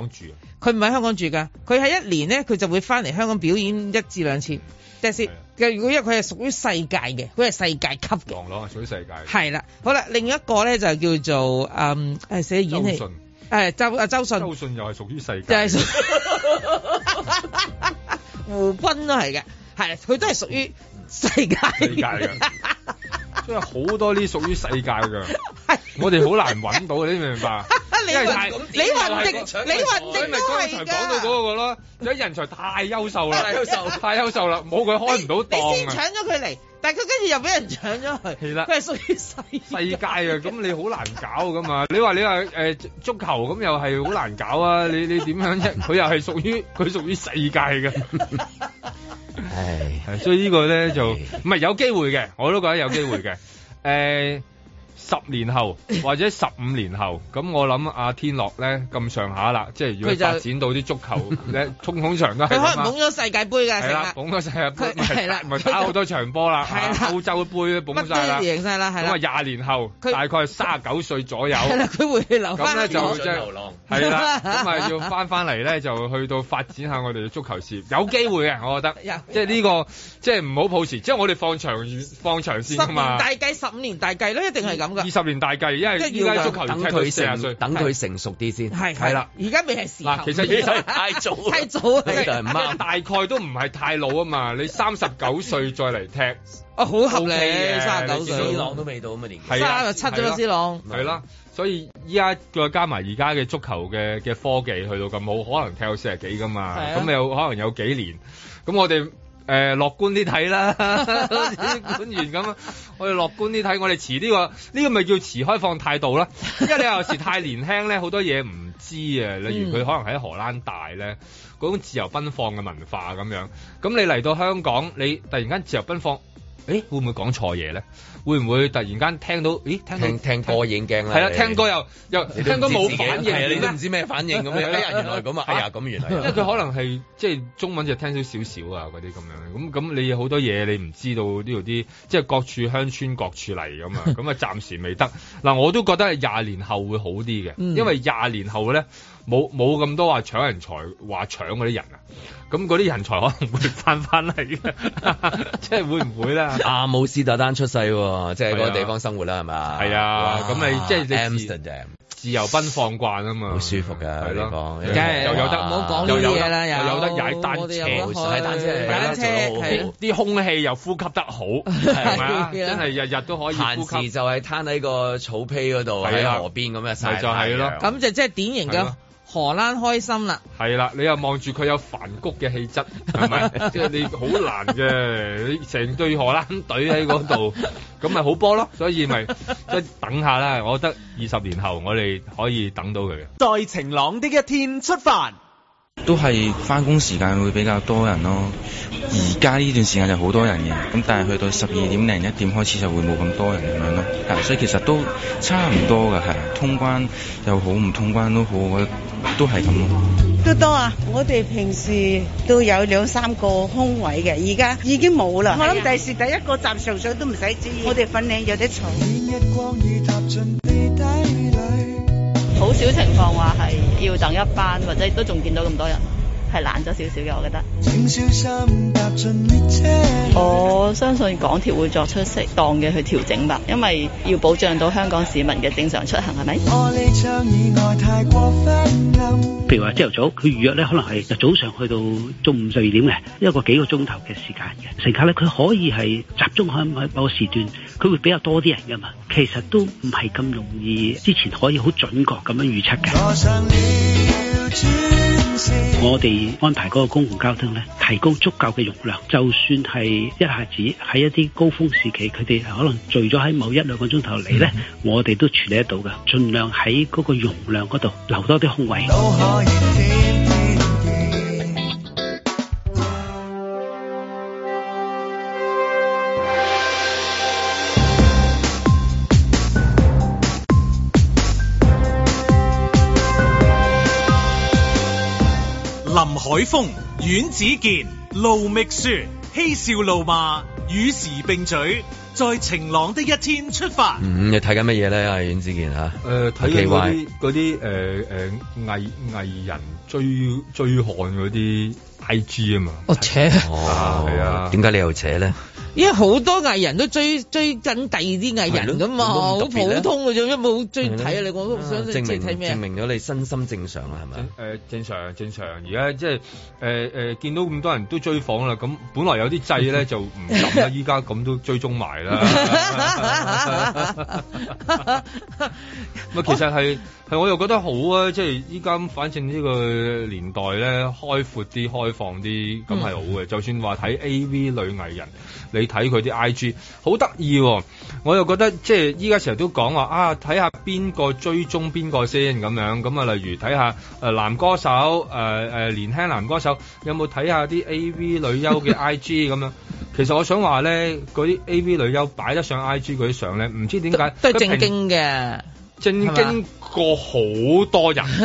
D: 佢唔喺香港住㗎，佢喺一年咧佢就會翻嚟香港表演一至兩次，嗯、但如果因為佢係屬於世界嘅，佢係世界級嘅。郎朗係屬於世界。係啦，好啦，另一個咧就叫做嗯誒、哎、演戲周迅周誒周迅。周迅、哎、又係屬於世界。係。胡斌都係嘅，係佢都係屬於。 世
C: 界嘅，即係好多啲屬於世界嘅， 我哋好難揾到嘅，你明唔明白？你話定你話定都係嘅。所以人才太優秀啦，太優秀，太優秀啦，冇佢 開唔到檔你、啊。你
D: 先搶咗佢嚟。但佢跟住又俾人搶咗去，係喇，佢係屬於
C: 世界世界啊！咁你好難搞噶嘛？你話你話誒、呃、足球咁又係好難搞啊！你你點樣啫？佢又係屬於佢屬於世界嘅。
E: 係、 哎，所以個呢個咧
C: 就唔係有機會嘅，我都覺得有機會嘅。誒、呃。十年後或者十五年後，咁 我諗阿天樂咧咁上下啦，即係要發展到啲足球咧，通通 場都係。佢可能捧
D: 咗世界盃㗎，係啦，
C: 捧咗世界盃係啦，唔係打好多場波啦，澳洲盃捧晒啦。
D: 咁啊，廿
C: 年後佢大概卅九歲左右，
D: 佢會留翻。咁呢就即流浪。係啦，咁 啊要
C: 翻翻嚟咧，就去到發展下我哋嘅足球事業， 有機會嘅，我覺得。即係呢個，即係唔好抱持，即係我哋放長放長線嘛。十年大
D: 計，十五年大計咧，一定係咁
C: 㗎 二十年大計，因為而家足球員踢到四十歲，等佢成，成
B: 熟啲先。係啦，而
C: 家未
D: 係時、啊。其實而家太早，太
C: 早啦。大概都唔係太老啊嘛， 你三十九歲再嚟踢，啊好合理三十九歲、啊。C 朗
B: 都未到咁嘅年紀，三十七啫嘛，C 朗。係啦，
C: 所以依家再加埋而家嘅足球嘅嘅科技去到咁好，可能踢到四十幾噶嘛。咁有可能有幾年。咁我哋。誒樂觀啲睇啦， 管員咁，我哋樂觀啲睇，我哋持呢個呢、這個咪叫持開放態度啦。因為你有時太年輕咧，好多嘢唔知啊。例如佢可能喺荷蘭大咧，嗰種自由奔放嘅文化咁樣。咁你嚟到香港，你突然間自由奔放，誒會唔會講錯嘢咧？會唔會突然間聽到？咦、欸，聽聽，聽，聽歌影鏡啦，係啦，聽歌又又聽歌冇反應，啊、你都唔知咩反應咁樣。哎呀，啊、原來咁啊！哎呀，咁原來，啊、因為佢可能係即係中文就聽少少少啊，嗰啲咁樣。咁咁你好多嘢你唔知道呢度啲，即係各處鄉村各處嚟咁啊。咁啊，暫時未得。嗱，我都覺得係廿年後會好啲嘅，因為廿年後咧冇冇咁多話搶人才，話搶嗰啲人啊。咁嗰啲人才可能會翻翻嚟嘅， 即係會唔會咧？
B: 阿姆斯特丹出世。哦、即係嗰個地方
C: 生活啦，係咪？係啊，咁你即係你自、Amstern、自由奔放慣啊嘛，好舒服㗎嗰地方。又、啊啊、有得我講呢啲嘢啦，又有，有，有，有得踩單車，踩單車，踩單車，啲空氣又呼吸得好，
B: 係咪？真係日日都可以呼吸，時就係攤喺個草皮嗰度，喺河邊
C: 咁樣曬太陽。咁
D: 就即係典型嘅。荷蘭開心啦，
C: 係啦，你又望住佢有梵谷嘅氣質，係咪？即 係你好難嘅，成隊荷蘭隊喺嗰度，咁咪好波咯。所以咪即係等下啦，我覺得二十年後我哋可以等到佢嘅。
A: 在晴朗的一天出發。
C: 都係
B: 翻工時間會比較多人咯，而家呢段時間就好多人嘅，咁但係去到十二點零一點開始就會冇咁多人咁樣咯，所以其實都差唔多噶，係通關又好唔通關都好，我覺得都係咁咯。都
D: 多，多啊，我哋平時都有兩三個空位嘅，而家已經冇啦。我諗第時第一個站上水都唔使知、啊，我哋粉嶺有啲床。
B: 好少情況話係要等一班，或者都仲見到咁多人。係懶咗少少嘅，我覺得。
A: 請小心搭進列車。
D: 我相信港鐵會作出適當嘅去調整吧，因為要保障到香港市民嘅正常出行，係咪？
B: 譬
D: 如話朝頭早，佢預約咧，可能係由早上
B: 去到中午十二點嘅一個幾個鐘頭嘅時間嘅乘客咧，佢可以係集中
A: 喺某個時段，佢會比較多啲人㗎嘛。其實都唔係咁容易，之前可以好準確咁樣預測嘅。 我哋
B: 安排嗰個公共交通呢，提供足夠嘅容量，就算係一下子喺一啲高峰時期，佢哋可能聚咗喺某一兩個鐘頭嚟呢，我哋都處理得到嘅，盡量喺嗰個容量嗰度留多啲空位。都可以
A: 海峰、阮子健，盧覓雪，嬉笑怒罵，與時並舉，在晴朗的一天出發。
B: 嗯，你睇緊乜嘢咧，啊，阮子健吓？
C: 誒，睇緊嗰啲嗰啲誒誒藝藝人追追看嗰啲 IG 啊嘛。
B: 哦，扯、啊。哦。係啊。點解你又扯咧？
D: 因為好多藝人都追追緊第二啲藝人㗎嘛，好、哦、普通嘅，啊，因、啊、有冇追睇啊？你我都、啊、想，想證明證
B: 明咗你身心正常啦，係咪？
C: 誒、呃，正常正常，而家即係誒誒，見到咁多人都追訪啦，咁本來有啲掣咧就唔咁啦，依家咁都追蹤埋啦。咁 其實係是。 係、嗯哦，我又覺得好啊！即係依家，反正呢個年代咧，開闊啲、開放啲，咁係好嘅。就算話睇 A V 女藝人，你睇佢啲 I G，好得意喎！我又覺得即係依家成日都講話啊，睇下邊個追蹤邊個先咁樣。咁啊，例如睇下男歌手，誒、呃、年輕男歌手，有冇睇下啲 A V 女優嘅 I G 咁 樣？其實我想話咧，嗰啲 A V 女優擺得上 I G 嗰啲相咧，唔知點解都係正經
D: 嘅，正經
C: 過好多人
D: ，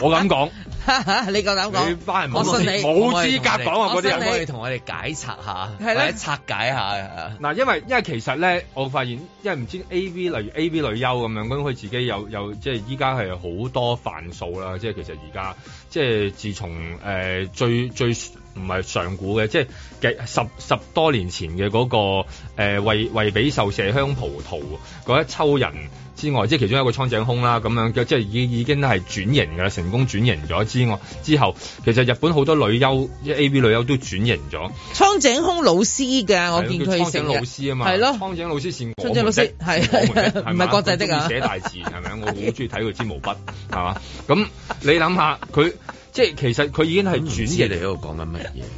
C: 我咁講。
D: 你夠膽講？
C: 我信你，冇資格講啊！啲真係可以同我哋解拆下，係咧拆解下嗱，因為因為其實咧，我發現，因為唔知 AV，例如 AV 女優咁樣，咁佢自己有有即係依家係好多犯數啦。即係其實而家即係自從誒、呃、最最唔係上古嘅，即係十十多年前嘅嗰、那個誒、呃、惠惠比壽麝香葡萄嗰一抽人。之外，即係其中一個蒼井空啦，咁樣嘅即係已已經係轉型嘅啦，成功轉型咗之外，之後其實日本好多女優，即係 AV 女優都轉型咗。
D: 蒼井空老師嘅，我見佢成蒼井老師啊嘛，係咯，蒼井老師唔係國際的，係係係咪啊？寫大
C: 字係咪？我好中意睇佢支毛筆，係 嘛？咁你諗下佢，即係其實佢已經係轉。你哋喺度講緊乜嘢？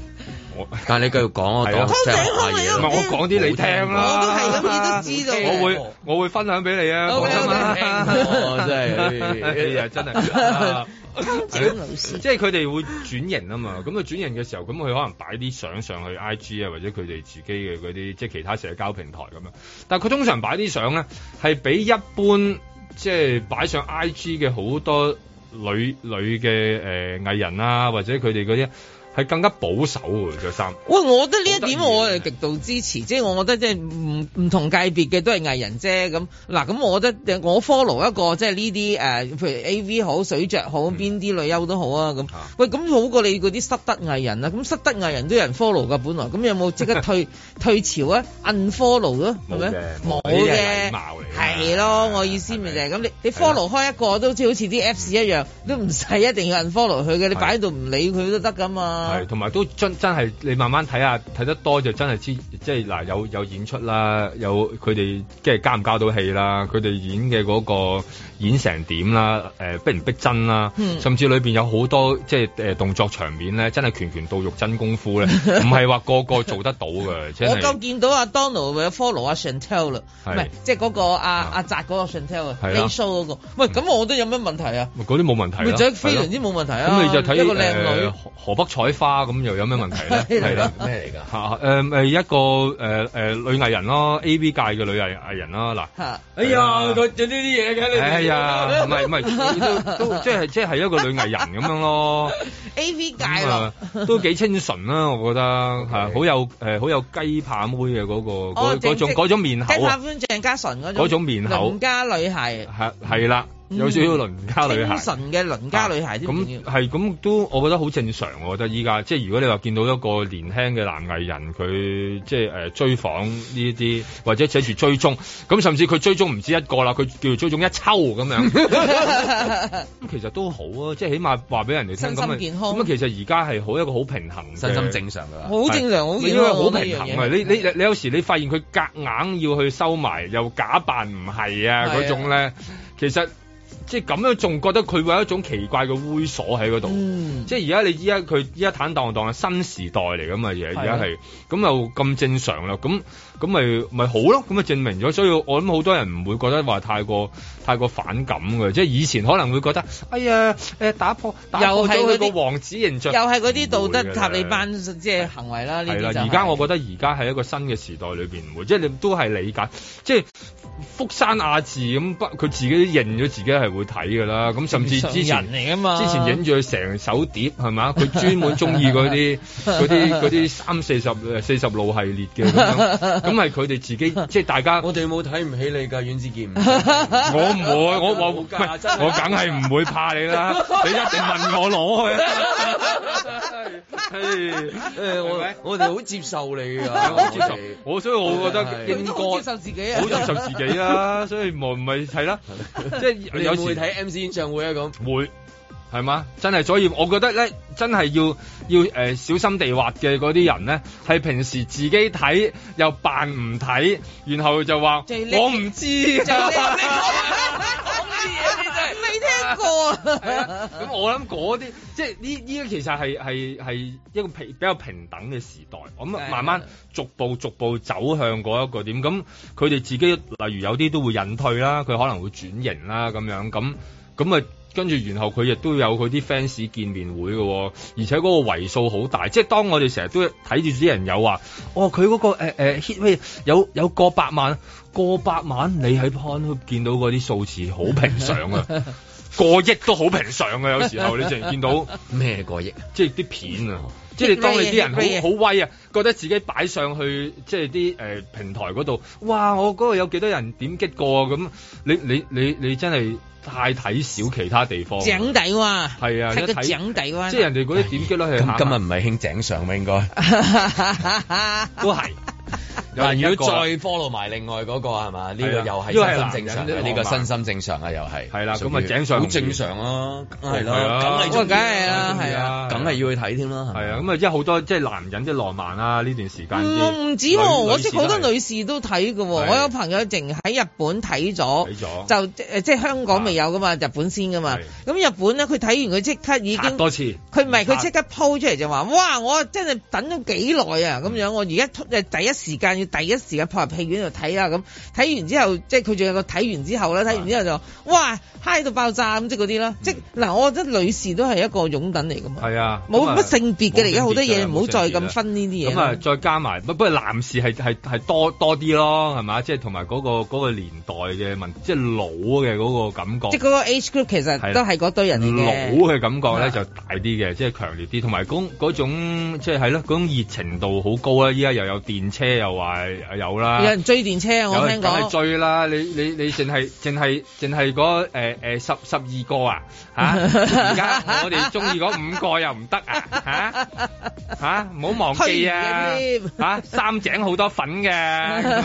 C: 我但係你繼續講咯，係 咯、啊，真係唔係我講啲你聽啦，我都係咁，你都知道。我會、啊、我會分享俾你啊，講真啊，我、啊、 真係的， 啊真係，即係佢哋會轉型啊嘛。咁佢轉型嘅時候，咁佢可能擺啲相上去 I G 啊，或者佢哋自己嘅嗰啲即係其他社交平台咁樣。但係佢通常擺啲相咧，係比一般即係擺上 I G 嘅好多女女嘅誒藝人啊，或者佢哋嗰啲。係更加保守嘅着衫。
D: 喂，我覺得呢一點我係極度支持。即係、就是、我覺得即係唔唔同界別嘅都係藝人啫。咁嗱，咁我覺得我 follow 一個即係呢啲誒，譬如 AV 好、水著好、邊啲女優都好啊。咁喂，咁好過你嗰啲失德藝人啊。咁失德藝人都有人 follow 噶。本來咁有冇即刻退 退潮啊？unfollow 咯，係咪？冇嘅，係咯。我意思咪就係咁，你你 follow 開一個都好似好似啲 apps 一樣，嗯、都唔使一定要 unfollow 佢嘅，你擺喺度唔理佢都得噶嘛。係，
C: 同埋都真真係，你慢慢睇下，睇得多就真係知，即係嗱，有有演出啦，有佢哋即係交唔交到戲啦，佢哋演嘅嗰、那個演成點啦，誒、呃，逼唔逼真啦、嗯？甚至裏邊有好多即係誒、呃、動作場面咧，真係拳拳到肉，真功夫咧，唔係話個個做得到嘅。我夠
D: 見到阿 Donald follow 阿 Chantel 啦，唔係，即係嗰個阿、啊、阿澤嗰個 Chantel 嘅 show 嗰個、啊。喂，咁我覺得有咩問題
C: 啊？嗰啲冇問題，就係非常之冇
D: 問題啊！咁、啊、你就睇一個靚女
C: 河、呃、北彩。花咁又有咩問題咧？係 啦，咩嚟噶？吓、啊，誒、呃、誒，一個誒誒、呃呃呃、女藝人咯，A B 界嘅女藝藝人咯。嗱， 哎呀，佢做呢啲嘢嘅。哎呀，唔係唔係， 都都即係即係一個女藝人咁樣咯。
D: A B 界、嗯、啊，
C: 都幾清純啦、啊，我覺得吓、okay. 啊，好有誒、呃、好有雞扒妹嘅嗰、嗰個嗰嗰種嗰種面口啊。雞
D: 扒妹鄭嘉純嗰種。種面口家女孩。
C: 係係啦。是有少少鄰家女孩，精神
D: 嘅鄰家女孩。咁、啊、
C: 係，咁都我覺得好正常。我覺得依家，即係如果你話見到一個年輕嘅男藝人，佢即係、呃、追訪呢啲，或者寫住追蹤，咁 甚至佢追蹤唔止一個啦，佢叫做追蹤一抽咁樣。咁 其實都好啊，即係起碼話俾人哋聽。身心健康。咁其實而家係好一個好平衡、身心正常噶好正
D: 常，好。好平衡，平衡你你
C: 你，你有時你發現佢夾硬要去收埋，又假扮唔係啊嗰、啊、種咧，其實～即係咁樣，仲覺得佢會有一種奇怪嘅猥瑣喺嗰度。即係而家你依家佢依家坦蕩蕩，新時代嚟咁嘅嘢，而家係咁又咁正常啦。咁咁咪咪好咯。咁啊證明咗，所以我諗好多人唔會覺得話太過太過反感嘅。即係以前可能會覺得，
D: 哎呀，誒打破，又係佢個
C: 王子形象，又係嗰啲道德塔利班
D: 即係行為啦。係啦，而家、就是、我
C: 覺得而家係一個新嘅時代裏邊，即係你都係理解，即係福山雅治咁，不佢自己都認咗自己係。會睇噶啦，咁甚至之前嘛之前影住佢成首碟係嘛，佢專門中意嗰啲嗰啲啲三四十四十六系列嘅咁樣，咁係佢哋自己即係大家。我哋冇睇唔起你噶，阮子健。
E: 我唔會，我我我梗
C: 係唔會怕你啦。 你一
A: 定問我攞去。
B: 我我哋好接
C: 受你噶，我接受。 我所以我，所以我覺得應該接受自己，好接受自己，啊， 啦。所以唔係唔係係啦，即係有。會睇 M C 演唱會啊咁，會係嘛？真係，所以我覺得咧，真係要要誒、呃、小心地滑嘅嗰啲人咧，係平時自己睇又扮唔睇，然後就話我唔知。就是你我 未 沒聽過咁 我諗嗰啲即係呢呢，其實係係係一個平比較平等嘅時代，咁慢慢逐步逐步走向嗰一個點。咁佢哋自己例如有啲都會隱退啦，佢可能會轉型啦，咁樣咁咁啊，跟住然後佢亦都有佢啲 fans 見面會嘅，而且嗰個為數好大。即係當我哋成日都睇住啲人有話，哦，佢嗰，嗰個誒誒 hit 有有過百萬。過百萬，你喺 PonHub 見到嗰啲數字好平常啊，過億都好平常啊，有時候你淨係見到咩過億？即係啲片啊，
E: 即係當你啲人好好
C: 威啊，覺得自己擺上去即係啲誒平台嗰度，哇！我嗰個有幾多人點擊過咁、啊？你你你你真係太睇小看其他地方井
D: 底喎，
C: 係啊，睇井底喎，即係人哋嗰啲點擊率係。咁今日唔係興井上咩？應該
B: 都係。
D: 但如果再
B: follow 埋另外嗰、那個係嘛？呢個，這個又係真正常，呢、啊這個身
C: 心正常啊，又係。係啦，咁啊，啊正常好正常咯，係咯，咁梗係啦，係啊，梗係、啊啊啊啊啊、要去睇添啦。係啊，咁啊，即係好多即係男人即係浪漫啊！呢段時間唔止喎，我識好多女
D: 士都睇㗎喎。我有朋友淨喺日本睇咗、啊，就即係香港未有㗎嘛、啊，日本先㗎嘛。咁、啊、日本咧，佢睇完佢即刻已經多次。
E: 佢唔係佢即刻
D: 鋪出嚟就話，哇！我真係等咗幾耐啊咁、嗯、樣，我而家誒第一時間要第一時間撲入戲院度睇啊咁。睇完之後，即係佢仲有個睇完之後咧，睇、嗯、完之後就哇嗨到爆炸咁即係嗰啲啦，即嗱，我覺得女士都係一個擁躉嚟㗎嘛，係啊，冇乜性別嘅而家好多嘢唔好再咁分呢啲嘢。咁啊，
C: 再加埋不過男士係係係多多啲咯，係嘛？即係同埋嗰個年代嘅問，即、就、係、是、老嘅嗰個感覺。即係嗰
D: 個 age group 其實都係嗰堆人嚟嘅老
C: 嘅感覺咧，就大啲嘅。即係強烈啲，同埋嗰嗰種即係係咯，嗰種熱情度好高啦！依家又有電車，又話有啦，有人
D: 追電車啊！我聽講，梗係
C: 追啦！你你你淨係淨係淨係嗰誒誒十十二個啊嚇！而家我哋中意嗰五個又唔得啊嚇嚇！唔好忘記啊嚇！三井好多粉嘅，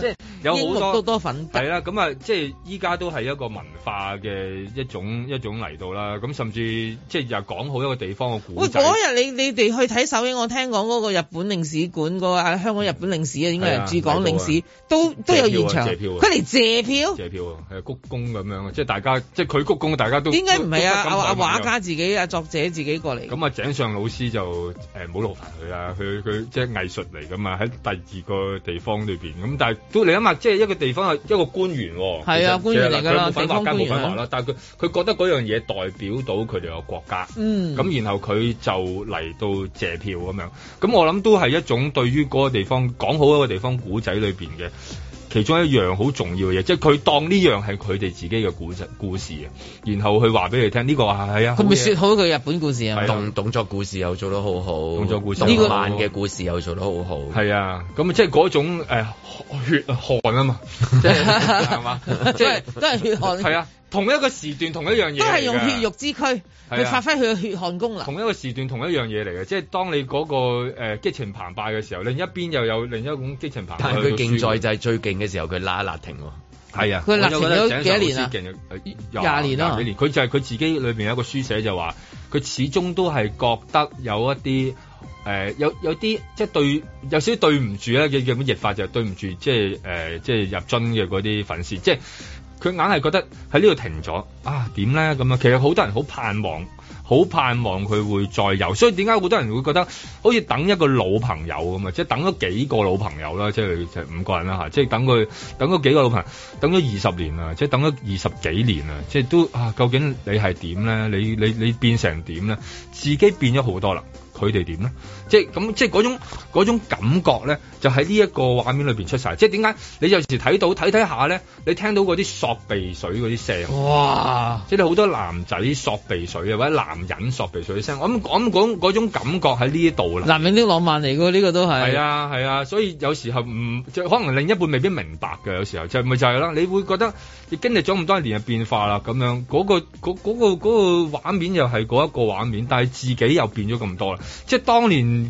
C: 即
E: 係有好多
C: 多粉。係啦，咁啊，即係依家都係一個文化嘅一種一種嚟到啦，咁甚至。即係又講好一個地方嘅故事。喂，
D: 嗰日你你哋去睇首映，我聽講嗰個日本領事館，嗰個啊香港日本領事啊，應該係駐港領事都、 啊、都有現場。借票佢、啊、嚟借票。
C: 借票啊！係鞠躬咁樣，即係大家，即係佢鞠躬，大家都點解唔係啊？阿、啊、畫家
D: 自己啊，作者自己過嚟。
C: 咁、嗯、啊，井上老師就誒，唔好勞煩佢啊佢佢即係藝術嚟噶嘛，喺第二個地方裏邊。咁但係都你諗下啊嘛，即係一個地方係一個官員。係啊，官員嚟噶啦，地方官員但係佢佢覺得嗰樣嘢代表到佢哋。有國家，咁然後佢就嚟到借票咁樣，咁我諗都係一種對於嗰個地方講好一個地方古仔裏邊嘅其中一樣好重要嘅嘢，即係佢當呢樣係佢哋自己嘅古仔故事啊，然後去話俾你聽
D: 呢個係啊，佢、哎、咪說好佢日本故事啊，動
C: 動作故事又做得好好，動作故事晚嘅故事又做得好好，係、呢個、啊，咁即係嗰種誒、哎、血汗啊嘛，
D: 即 係、就是 就是、都係血汗，係啊。
C: 同一個時段，同一樣嘢都係用血肉
D: 之軀、啊、去發揮佢嘅血汗功能。同
C: 一個時段，同一樣嘢嚟嘅，即係當你嗰、那個誒、呃、激情澎湃嘅時候，另一邊又有另一種激情澎湃。但係佢勁在就係最勁嘅時候，佢、嗯、拉拉停。係 啊，佢立停咗幾多年啊？廿 年啦、啊，廿幾年。佢就係佢自己裏邊有一個書寫就話，佢始終都係覺得有一啲誒、呃，有有啲即係對有少少對唔住咧。叫叫咩嘢法？就是、對唔住，即係誒，即係入樽嘅嗰啲粉絲，即係。佢硬係覺得喺呢度停咗啊？點咧咁啊？其實好多人好盼望，好盼望佢會再有。所以點解好多人會覺得好似等一個老朋友咁啊？即係等咗幾個老朋友啦，即係就五個人啦嚇。即係等佢等咗幾個老朋友，等咗二十年啦，即係等咗二十幾年啦。即係都啊，究竟你係點咧？你你你變成點咧？自己變咗好多啦，佢哋點咧？即係咁，即嗰種嗰種感覺咧，就喺呢一個畫面裏面出晒。即係點解你有時睇到睇睇下咧，你聽到嗰啲索鼻水嗰啲聲，哇！即係好多男仔索鼻水啊，或者男人索鼻水嘅聲。我諗講嗰種感覺喺呢度啦。男人
D: 啲浪漫嚟噶，呢個都係。係啊
C: 係啊，所以有時候唔，即可能另一半未必明白嘅。有時候就咪就係啦，你會覺得你經歷咗咁多年嘅變化啦，咁樣嗰個嗰個嗰個嗰個畫面又係嗰一個畫面，但係自己又變咗咁多啦。即係當年。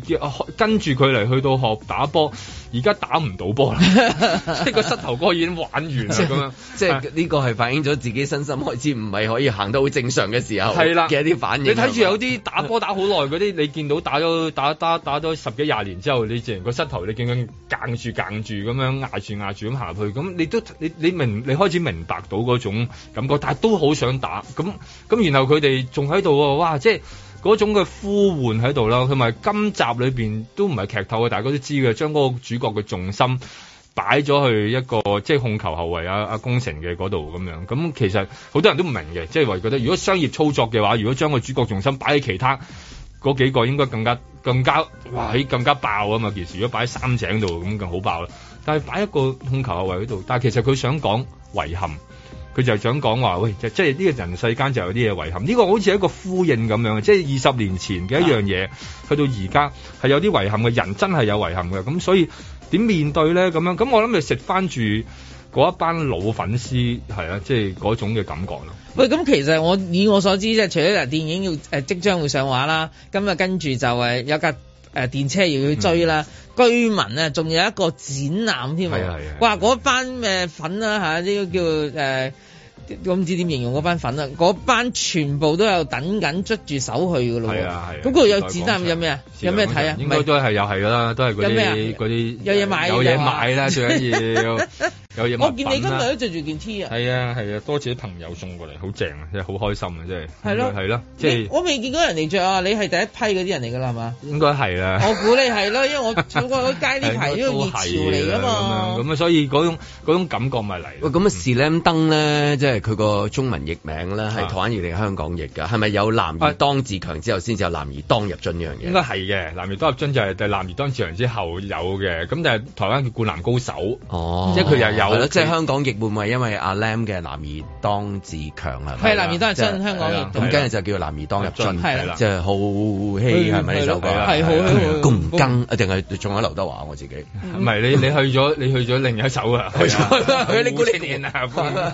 C: 跟住佢嚟去到學打波，而家打唔到波啦， 即係是 個膝頭哥已經
B: 玩完啦咁樣，即係呢個係反映咗自己身心開始唔係可以行得好正常嘅時候係啦，嘅一啲反應。你睇住有
C: 啲打波打好耐嗰啲， 你見到打咗打打打咗十幾廿年之後，你自然個膝頭你竟佢硬住硬住咁樣壓住壓住咁行去，咁你都你你明你開始明白到嗰種感覺，但係都好想打咁咁，然後佢哋仲喺度喎，哇！即係。嗰種嘅呼喚喺度啦，同埋今集裏面都唔係劇透嘅，大家都知嘅，將嗰個主角嘅重心擺咗去一個即係、就是、控球後衛啊阿宮城嘅嗰度咁樣。咁其實好多人都唔明嘅，即係話覺得如果商業操作嘅話，如果將個主角重心擺喺其他嗰幾個，應該更加更加哇，更加爆啊嘛，其實如果擺喺三井度咁，更好爆啦。但係擺一個控球後衛喺度，但係其實佢想講遺憾。佢就想講話，喂，就即係呢個人世間就有啲嘢遺憾，呢個好似一個呼應咁樣，即係二十年前嘅一樣嘢，去到而家係有啲遺憾嘅，人真係有遺憾嘅，咁所以點面對咧？咁樣，咁我諗咪食翻住嗰一班老粉絲係啦，即係嗰種嘅感覺咯。
D: 喂，咁其實我以我所知即係除咗嗱電影要誒即將會上畫啦，今日跟住就誒有架誒電車又要追啦。嗯居民啊，仲有一個展覽添啊，哇！嗰班咩粉啊？嚇，呢個叫誒，我唔知點形容嗰班粉啊。嗰班全部都有等緊，捽住手去噶咯。係啊係。咁嗰度有展覽有咩啊？有咩睇啊？應該都係
C: 又係啦，都係嗰啲嗰啲
D: 有嘢買，有嘢買啦，啊，最緊要。
C: 啊、我見你今日都
D: 着住件 T, -T 係啊！係
C: 啊，係啊，多謝啲朋友送過嚟，好正啊，即係好開心啊，即係。係咯，係咯，即係我
D: 未見過人嚟著啊！你係第一批嗰啲人嚟噶啦，係 嘛？
C: 應該係啦，我
D: 估你係啦，因為我走過嗰街呢排因個熱潮嚟啊嘛。
C: 咁、嗯、啊，所以嗰種，種感覺咪嚟。
B: 喂，咁啊，slam 登咧，即係佢個中文譯名咧，係台灣譯定香港譯噶？係咪有男兒當自強之後先至有男兒當入樽一樣嘢？
C: 應該係嘅，男兒當入樽就係、係、男兒當自強之後有嘅。咁但係台灣叫灌籃高手，
B: 即係佢又有。即係香港亦會唔會因為阿 Lam 嘅男兒當自強啊，係男兒當係真香港逆咁跟住就叫做男兒當入樽，係啦，即係好氣，係咪呢首歌？係好，功更
C: 一定係仲有劉德華？我自己唔係你，你去咗，你去咗另一首啊？去
E: 咗，
B: 去年
C: 古蓮啊？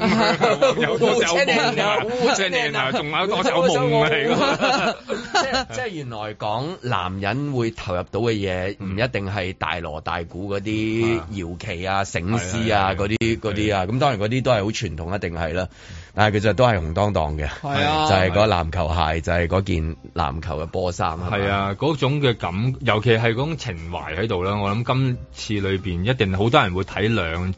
C: 有多少夢啊？古蓮啊，仲有多少夢啊？即
B: 係即係原來講男人會投入到嘅嘢，唔一定係大鑼大鼓嗰啲搖旗啊、醒獅啊。嗰啲嗰啲啊，咁當然嗰啲都係好傳統一定係啦，但係其實都係紅當當嘅，就係、係、嗰籃球鞋，啊、就係、係、嗰件籃球嘅波衫係啊，
C: 嗰種嘅感，尤其係嗰種情懷喺度啦。我諗今次裏面一定好多人會睇兩，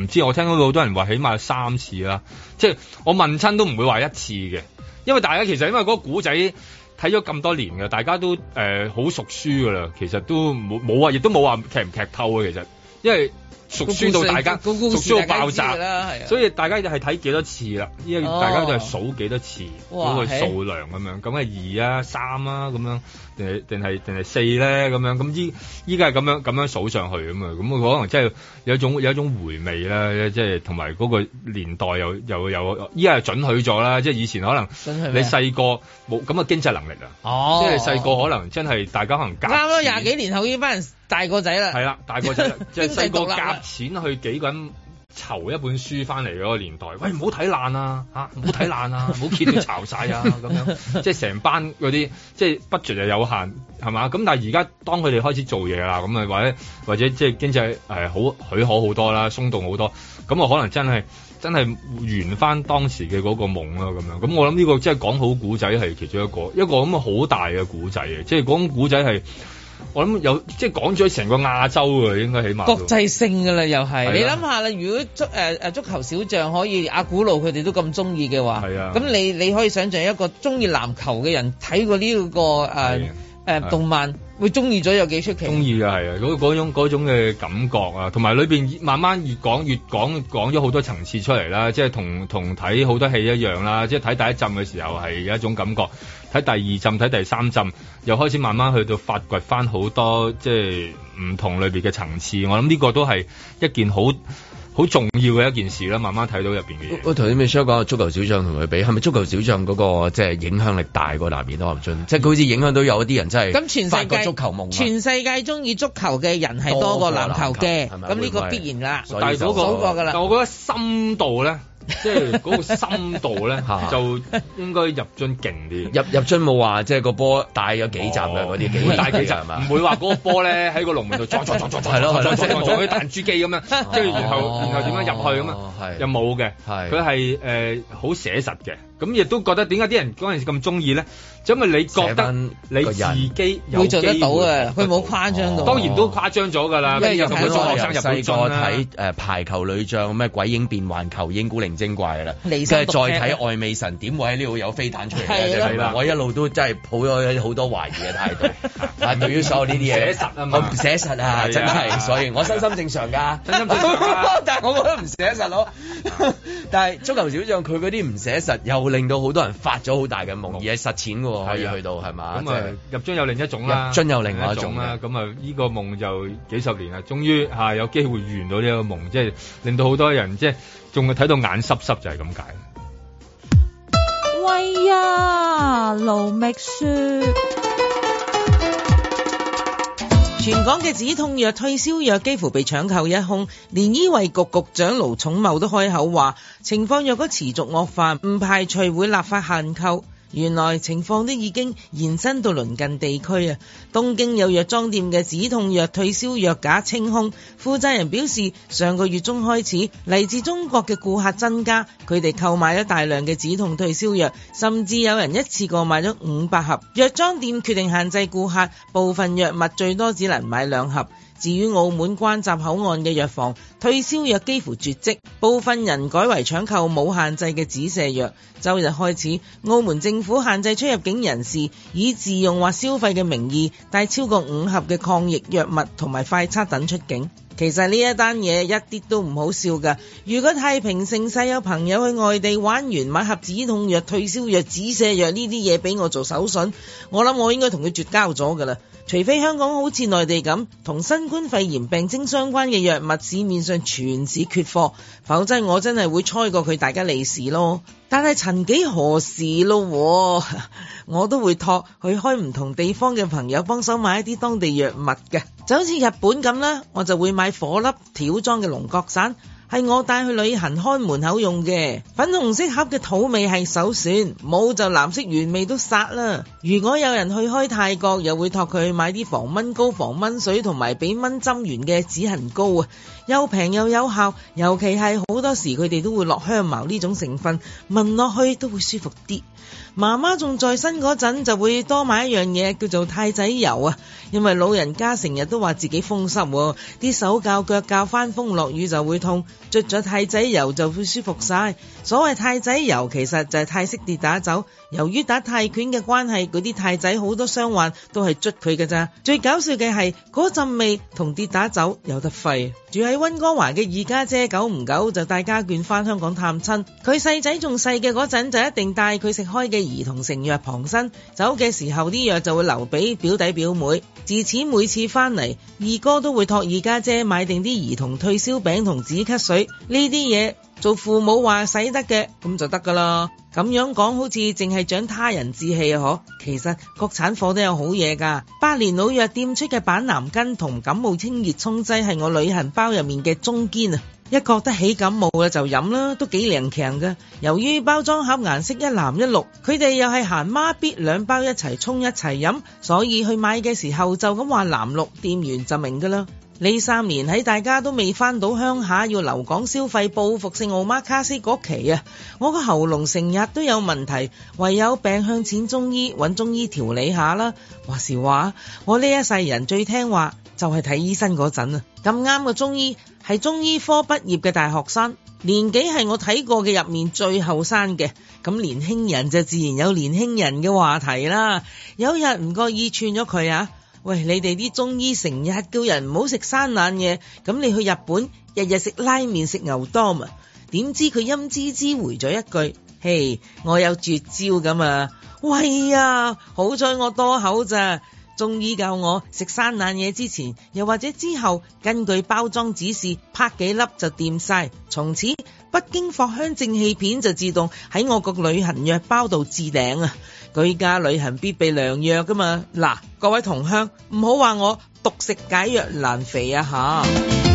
C: 唔知我聽到好多人話，起碼三次啦。即係我問親都唔會話一次嘅，因為大家其實因為嗰個古仔睇咗咁多年嘅，大家都誒好、呃、熟書噶啦。其實都冇冇啊，亦都冇話劇唔劇透啊。其實。因為熟書到大家，熟書到爆炸啦，係，所以大家就係睇幾多次啦，oh. 大家就係數幾多次，嗰個數量咁樣，咁係二啊、三啊咁樣，定係定係定係四咧咁樣，咁依依家係咁樣咁樣數上去咁啊，咁可能真係有一種有一種回味啦，即係同埋嗰個年代又又有依家係准許咗啦，即係以前可能你細個冇咁嘅經濟能力啊，
D: 即係細個
C: 可能真係大家可能
D: 搞。廿、oh. 幾年後依班人。大個仔啦，係
C: 啦，大個仔啦，即係細個夾錢去幾個人，籌一本書翻嚟嗰個年代。喂，唔好睇爛啊，吓，唔好睇爛啊，唔好揭到巢晒啊，咁、 啊啊、 樣。即係成班嗰啲，即係 budget 又有限，係嘛？咁但係而家當佢哋開始做嘢啦，咁啊或者或者即係經濟誒好許可好多啦，鬆動好多。咁我可能真係真係圓翻當時嘅嗰個夢咯，咁樣。咁我諗呢個即係講好古仔係其中一個，一個咁啊好大嘅古仔嘅，即係講古仔係。我諗有即係講咗成個亞洲啊，應該起碼國際性噶啦，又係你諗
D: 下啦。如果足、誒誒，足球小將可以阿古路佢哋都咁中意嘅話，係啊。咁你你可以想象一個中意籃球嘅人睇過呢個誒誒動漫，會中意咗有幾出奇？中
C: 意係啊，嗰嗰種嗰種嘅感覺啊，同埋裏邊慢慢越講越講，講咗好多層次出嚟啦。即係同同睇好多戲一樣啦。即係睇第一陣嘅時候係有一種感覺。睇第二浸，睇第三浸，又開始慢慢去到發掘翻好多即係唔同類別嘅層次。我諗呢個都係一件好好重要嘅一件事啦。慢慢睇到入面嘅嘢。我同你咪想講，足球小將同佢比，係
B: 咪足球小將
C: 嗰、嗰個即係
B: 影響力大過男兒當入樽？即係佢好似影響到有一啲人真係
D: 發個足球夢，啊。全世界中意足球嘅人係多過籃球嘅，咁呢個必然啦。大好、嗰個、過，過㗎啦。我覺
C: 得深度咧。 即係嗰個深度咧， 就應該入樽勁啲。入入
B: 樽冇話，即、就、係、是、個波帶咗幾集啊，嗰、哦、啲，幾會帶幾集啊？唔 會
C: 話嗰個波咧喺個龍門度，撞撞撞撞係咯，撞撞撞撞啲彈珠機咁樣，跟住、啊啊啊、然後然後點樣入去咁啊？又冇嘅，佢係誒好寫實嘅。咁亦都覺得點解啲人嗰陣時咁中意咧？因為你覺得你自己有會做得到嘅，
D: 佢冇誇
B: 張
C: 到。哦、當然都誇張咗㗎啦。咩又同佢中學生入去進
B: 睇排球女將，咩鬼影變幻球影，古靈精怪㗎啦。即係再睇外美神點會喺呢度有飛彈出嚟嘅？就係、我一路都真係抱咗好多懷疑嘅態度， 但對於所有呢啲嘢，我唔寫實啊，真係。所以我身心正常㗎， 身心正常啊、 但係我覺得唔寫實咯。 但係足球小將佢嗰啲唔寫實，又令到好多人發咗好大嘅
C: 夢，而、嗯、係實踐喎。可以去到係嘛？咁啊入咗有另一種啦，樽有另一種啦。咁啊，呢個夢就幾十年啦，終於嚇、嗯、有機會圓到呢個夢，即係令到好多人即係仲會睇到眼濕濕，就係咁解。
D: 喂呀，盧覓雪，全港嘅止痛藥、退燒藥幾乎被搶購一空，連醫衞局局長盧寵茂都開口話：情況若果持續惡化，唔排除會立法限購。原來情況都已經延伸到鄰近地區啊！東京有藥妝店嘅止痛藥、退燒藥架清空，負責人表示，上個月中開始，嚟自中國嘅顧客增加，佢哋購買咗大量嘅止痛退燒藥，甚至有人一次過買咗五百盒。藥妝店決定限制顧客部分藥物最多只能買兩盒。至於澳門關閘口岸嘅藥房，退燒藥幾乎絕跡，部分人改為搶購冇限制嘅止瀉藥。週日開始，澳門政府限制出入境人士以自用或消費嘅名義帶超過五盒嘅抗疫藥物同埋快測等出境。其實呢一單嘢一啲都唔好笑噶。如果太平盛世有朋友去外地玩完，買盒止痛藥、退燒藥、止瀉藥呢啲嘢俾我做手信，我諗我應該同佢絕交咗噶啦。除非香港好似內地咁，同新冠肺炎病徵相關嘅藥物市面上全是缺貨，否則我真係會猜過佢大家利是咯。但係，曾幾何時咯， 我都會託去開唔同地方嘅朋友幫手買一啲當地藥物嘅，就好似日本咁啦，我就會買火粒條裝嘅龍角散，係我帶去旅行開門口用嘅。粉紅色盒嘅土味係首選，冇就藍色原味都殺啦。如果有人去開泰國，又會託佢去買啲防蚊膏、防蚊水同埋俾蚊針完嘅止痕膏啊。又平又有效，尤其係好多時佢哋都會落香茅呢種成分，聞落去都會舒服啲。媽媽仲在生嗰陣就會多買一樣嘢叫做泰仔油啊，因為老人家成日都話自己風濕，啲手骹腳骹翻風落雨就會痛，捽咗泰仔油就會舒服晒。所謂泰仔油其實就係泰式跌打酒，由於打泰拳嘅關係，嗰啲泰仔好多傷患都係捽佢㗎咋。最搞笑嘅係嗰陣味同跌打酒有得揮。住喺溫哥華嘅二家姐，久唔久就帶家眷返香港探親。佢細仔仲細嘅嗰陣，就一定帶佢食開嘅兒童成藥旁身。走嘅時候啲藥就會留俾表弟表妹。自此每次返嚟，二哥都會託二家姐買定啲兒童退燒餅同止咳水呢啲嘢。做父母話使得嘅咁就得噶啦，咁樣講好似淨係長他人志氣啊！嗬，其實國產貨都有好嘢噶。百年老藥店出嘅板藍根同感冒清熱沖劑係我旅行包入面嘅中堅啊！一覺得起感冒嘅就飲啦，都幾靈強嘅。由於包裝盒顏色一藍一綠，佢哋又係行孖必兩包一齊沖一齊飲，所以去買嘅時候就咁話藍綠，店員就明噶啦。呢三年喺大家都未翻到鄉下，要留港消費報復性奧馬卡西嗰期啊，我個喉嚨成日都有問題，唯有病向淺中醫揾中醫調理下啦。話時話我呢一世人最聽話就係睇醫生嗰陣啊，咁啱個中醫係中醫科畢業嘅大學生，年紀係我睇過嘅入面最後生嘅。咁年輕人就自然有年輕人嘅話題啦。有日唔覺意串咗佢啊！喂，你哋啲中醫成日叫人唔好食生冷嘢，咁你去日本日日食拉麵食牛多啊？點知佢陰滋滋回咗一句，嘿，我有絕招㗎嘛！喂呀，好彩我多口咋？中醫教我食生冷嘢之前，又或者之後，根據包裝指示啪幾粒就掂晒。從此，北京藿香正氣片就自動喺我個旅行藥包度置頂啊！居家旅行必備良藥㗎嘛，嗱，各位同鄉，唔好話我獨食解藥難肥啊吓。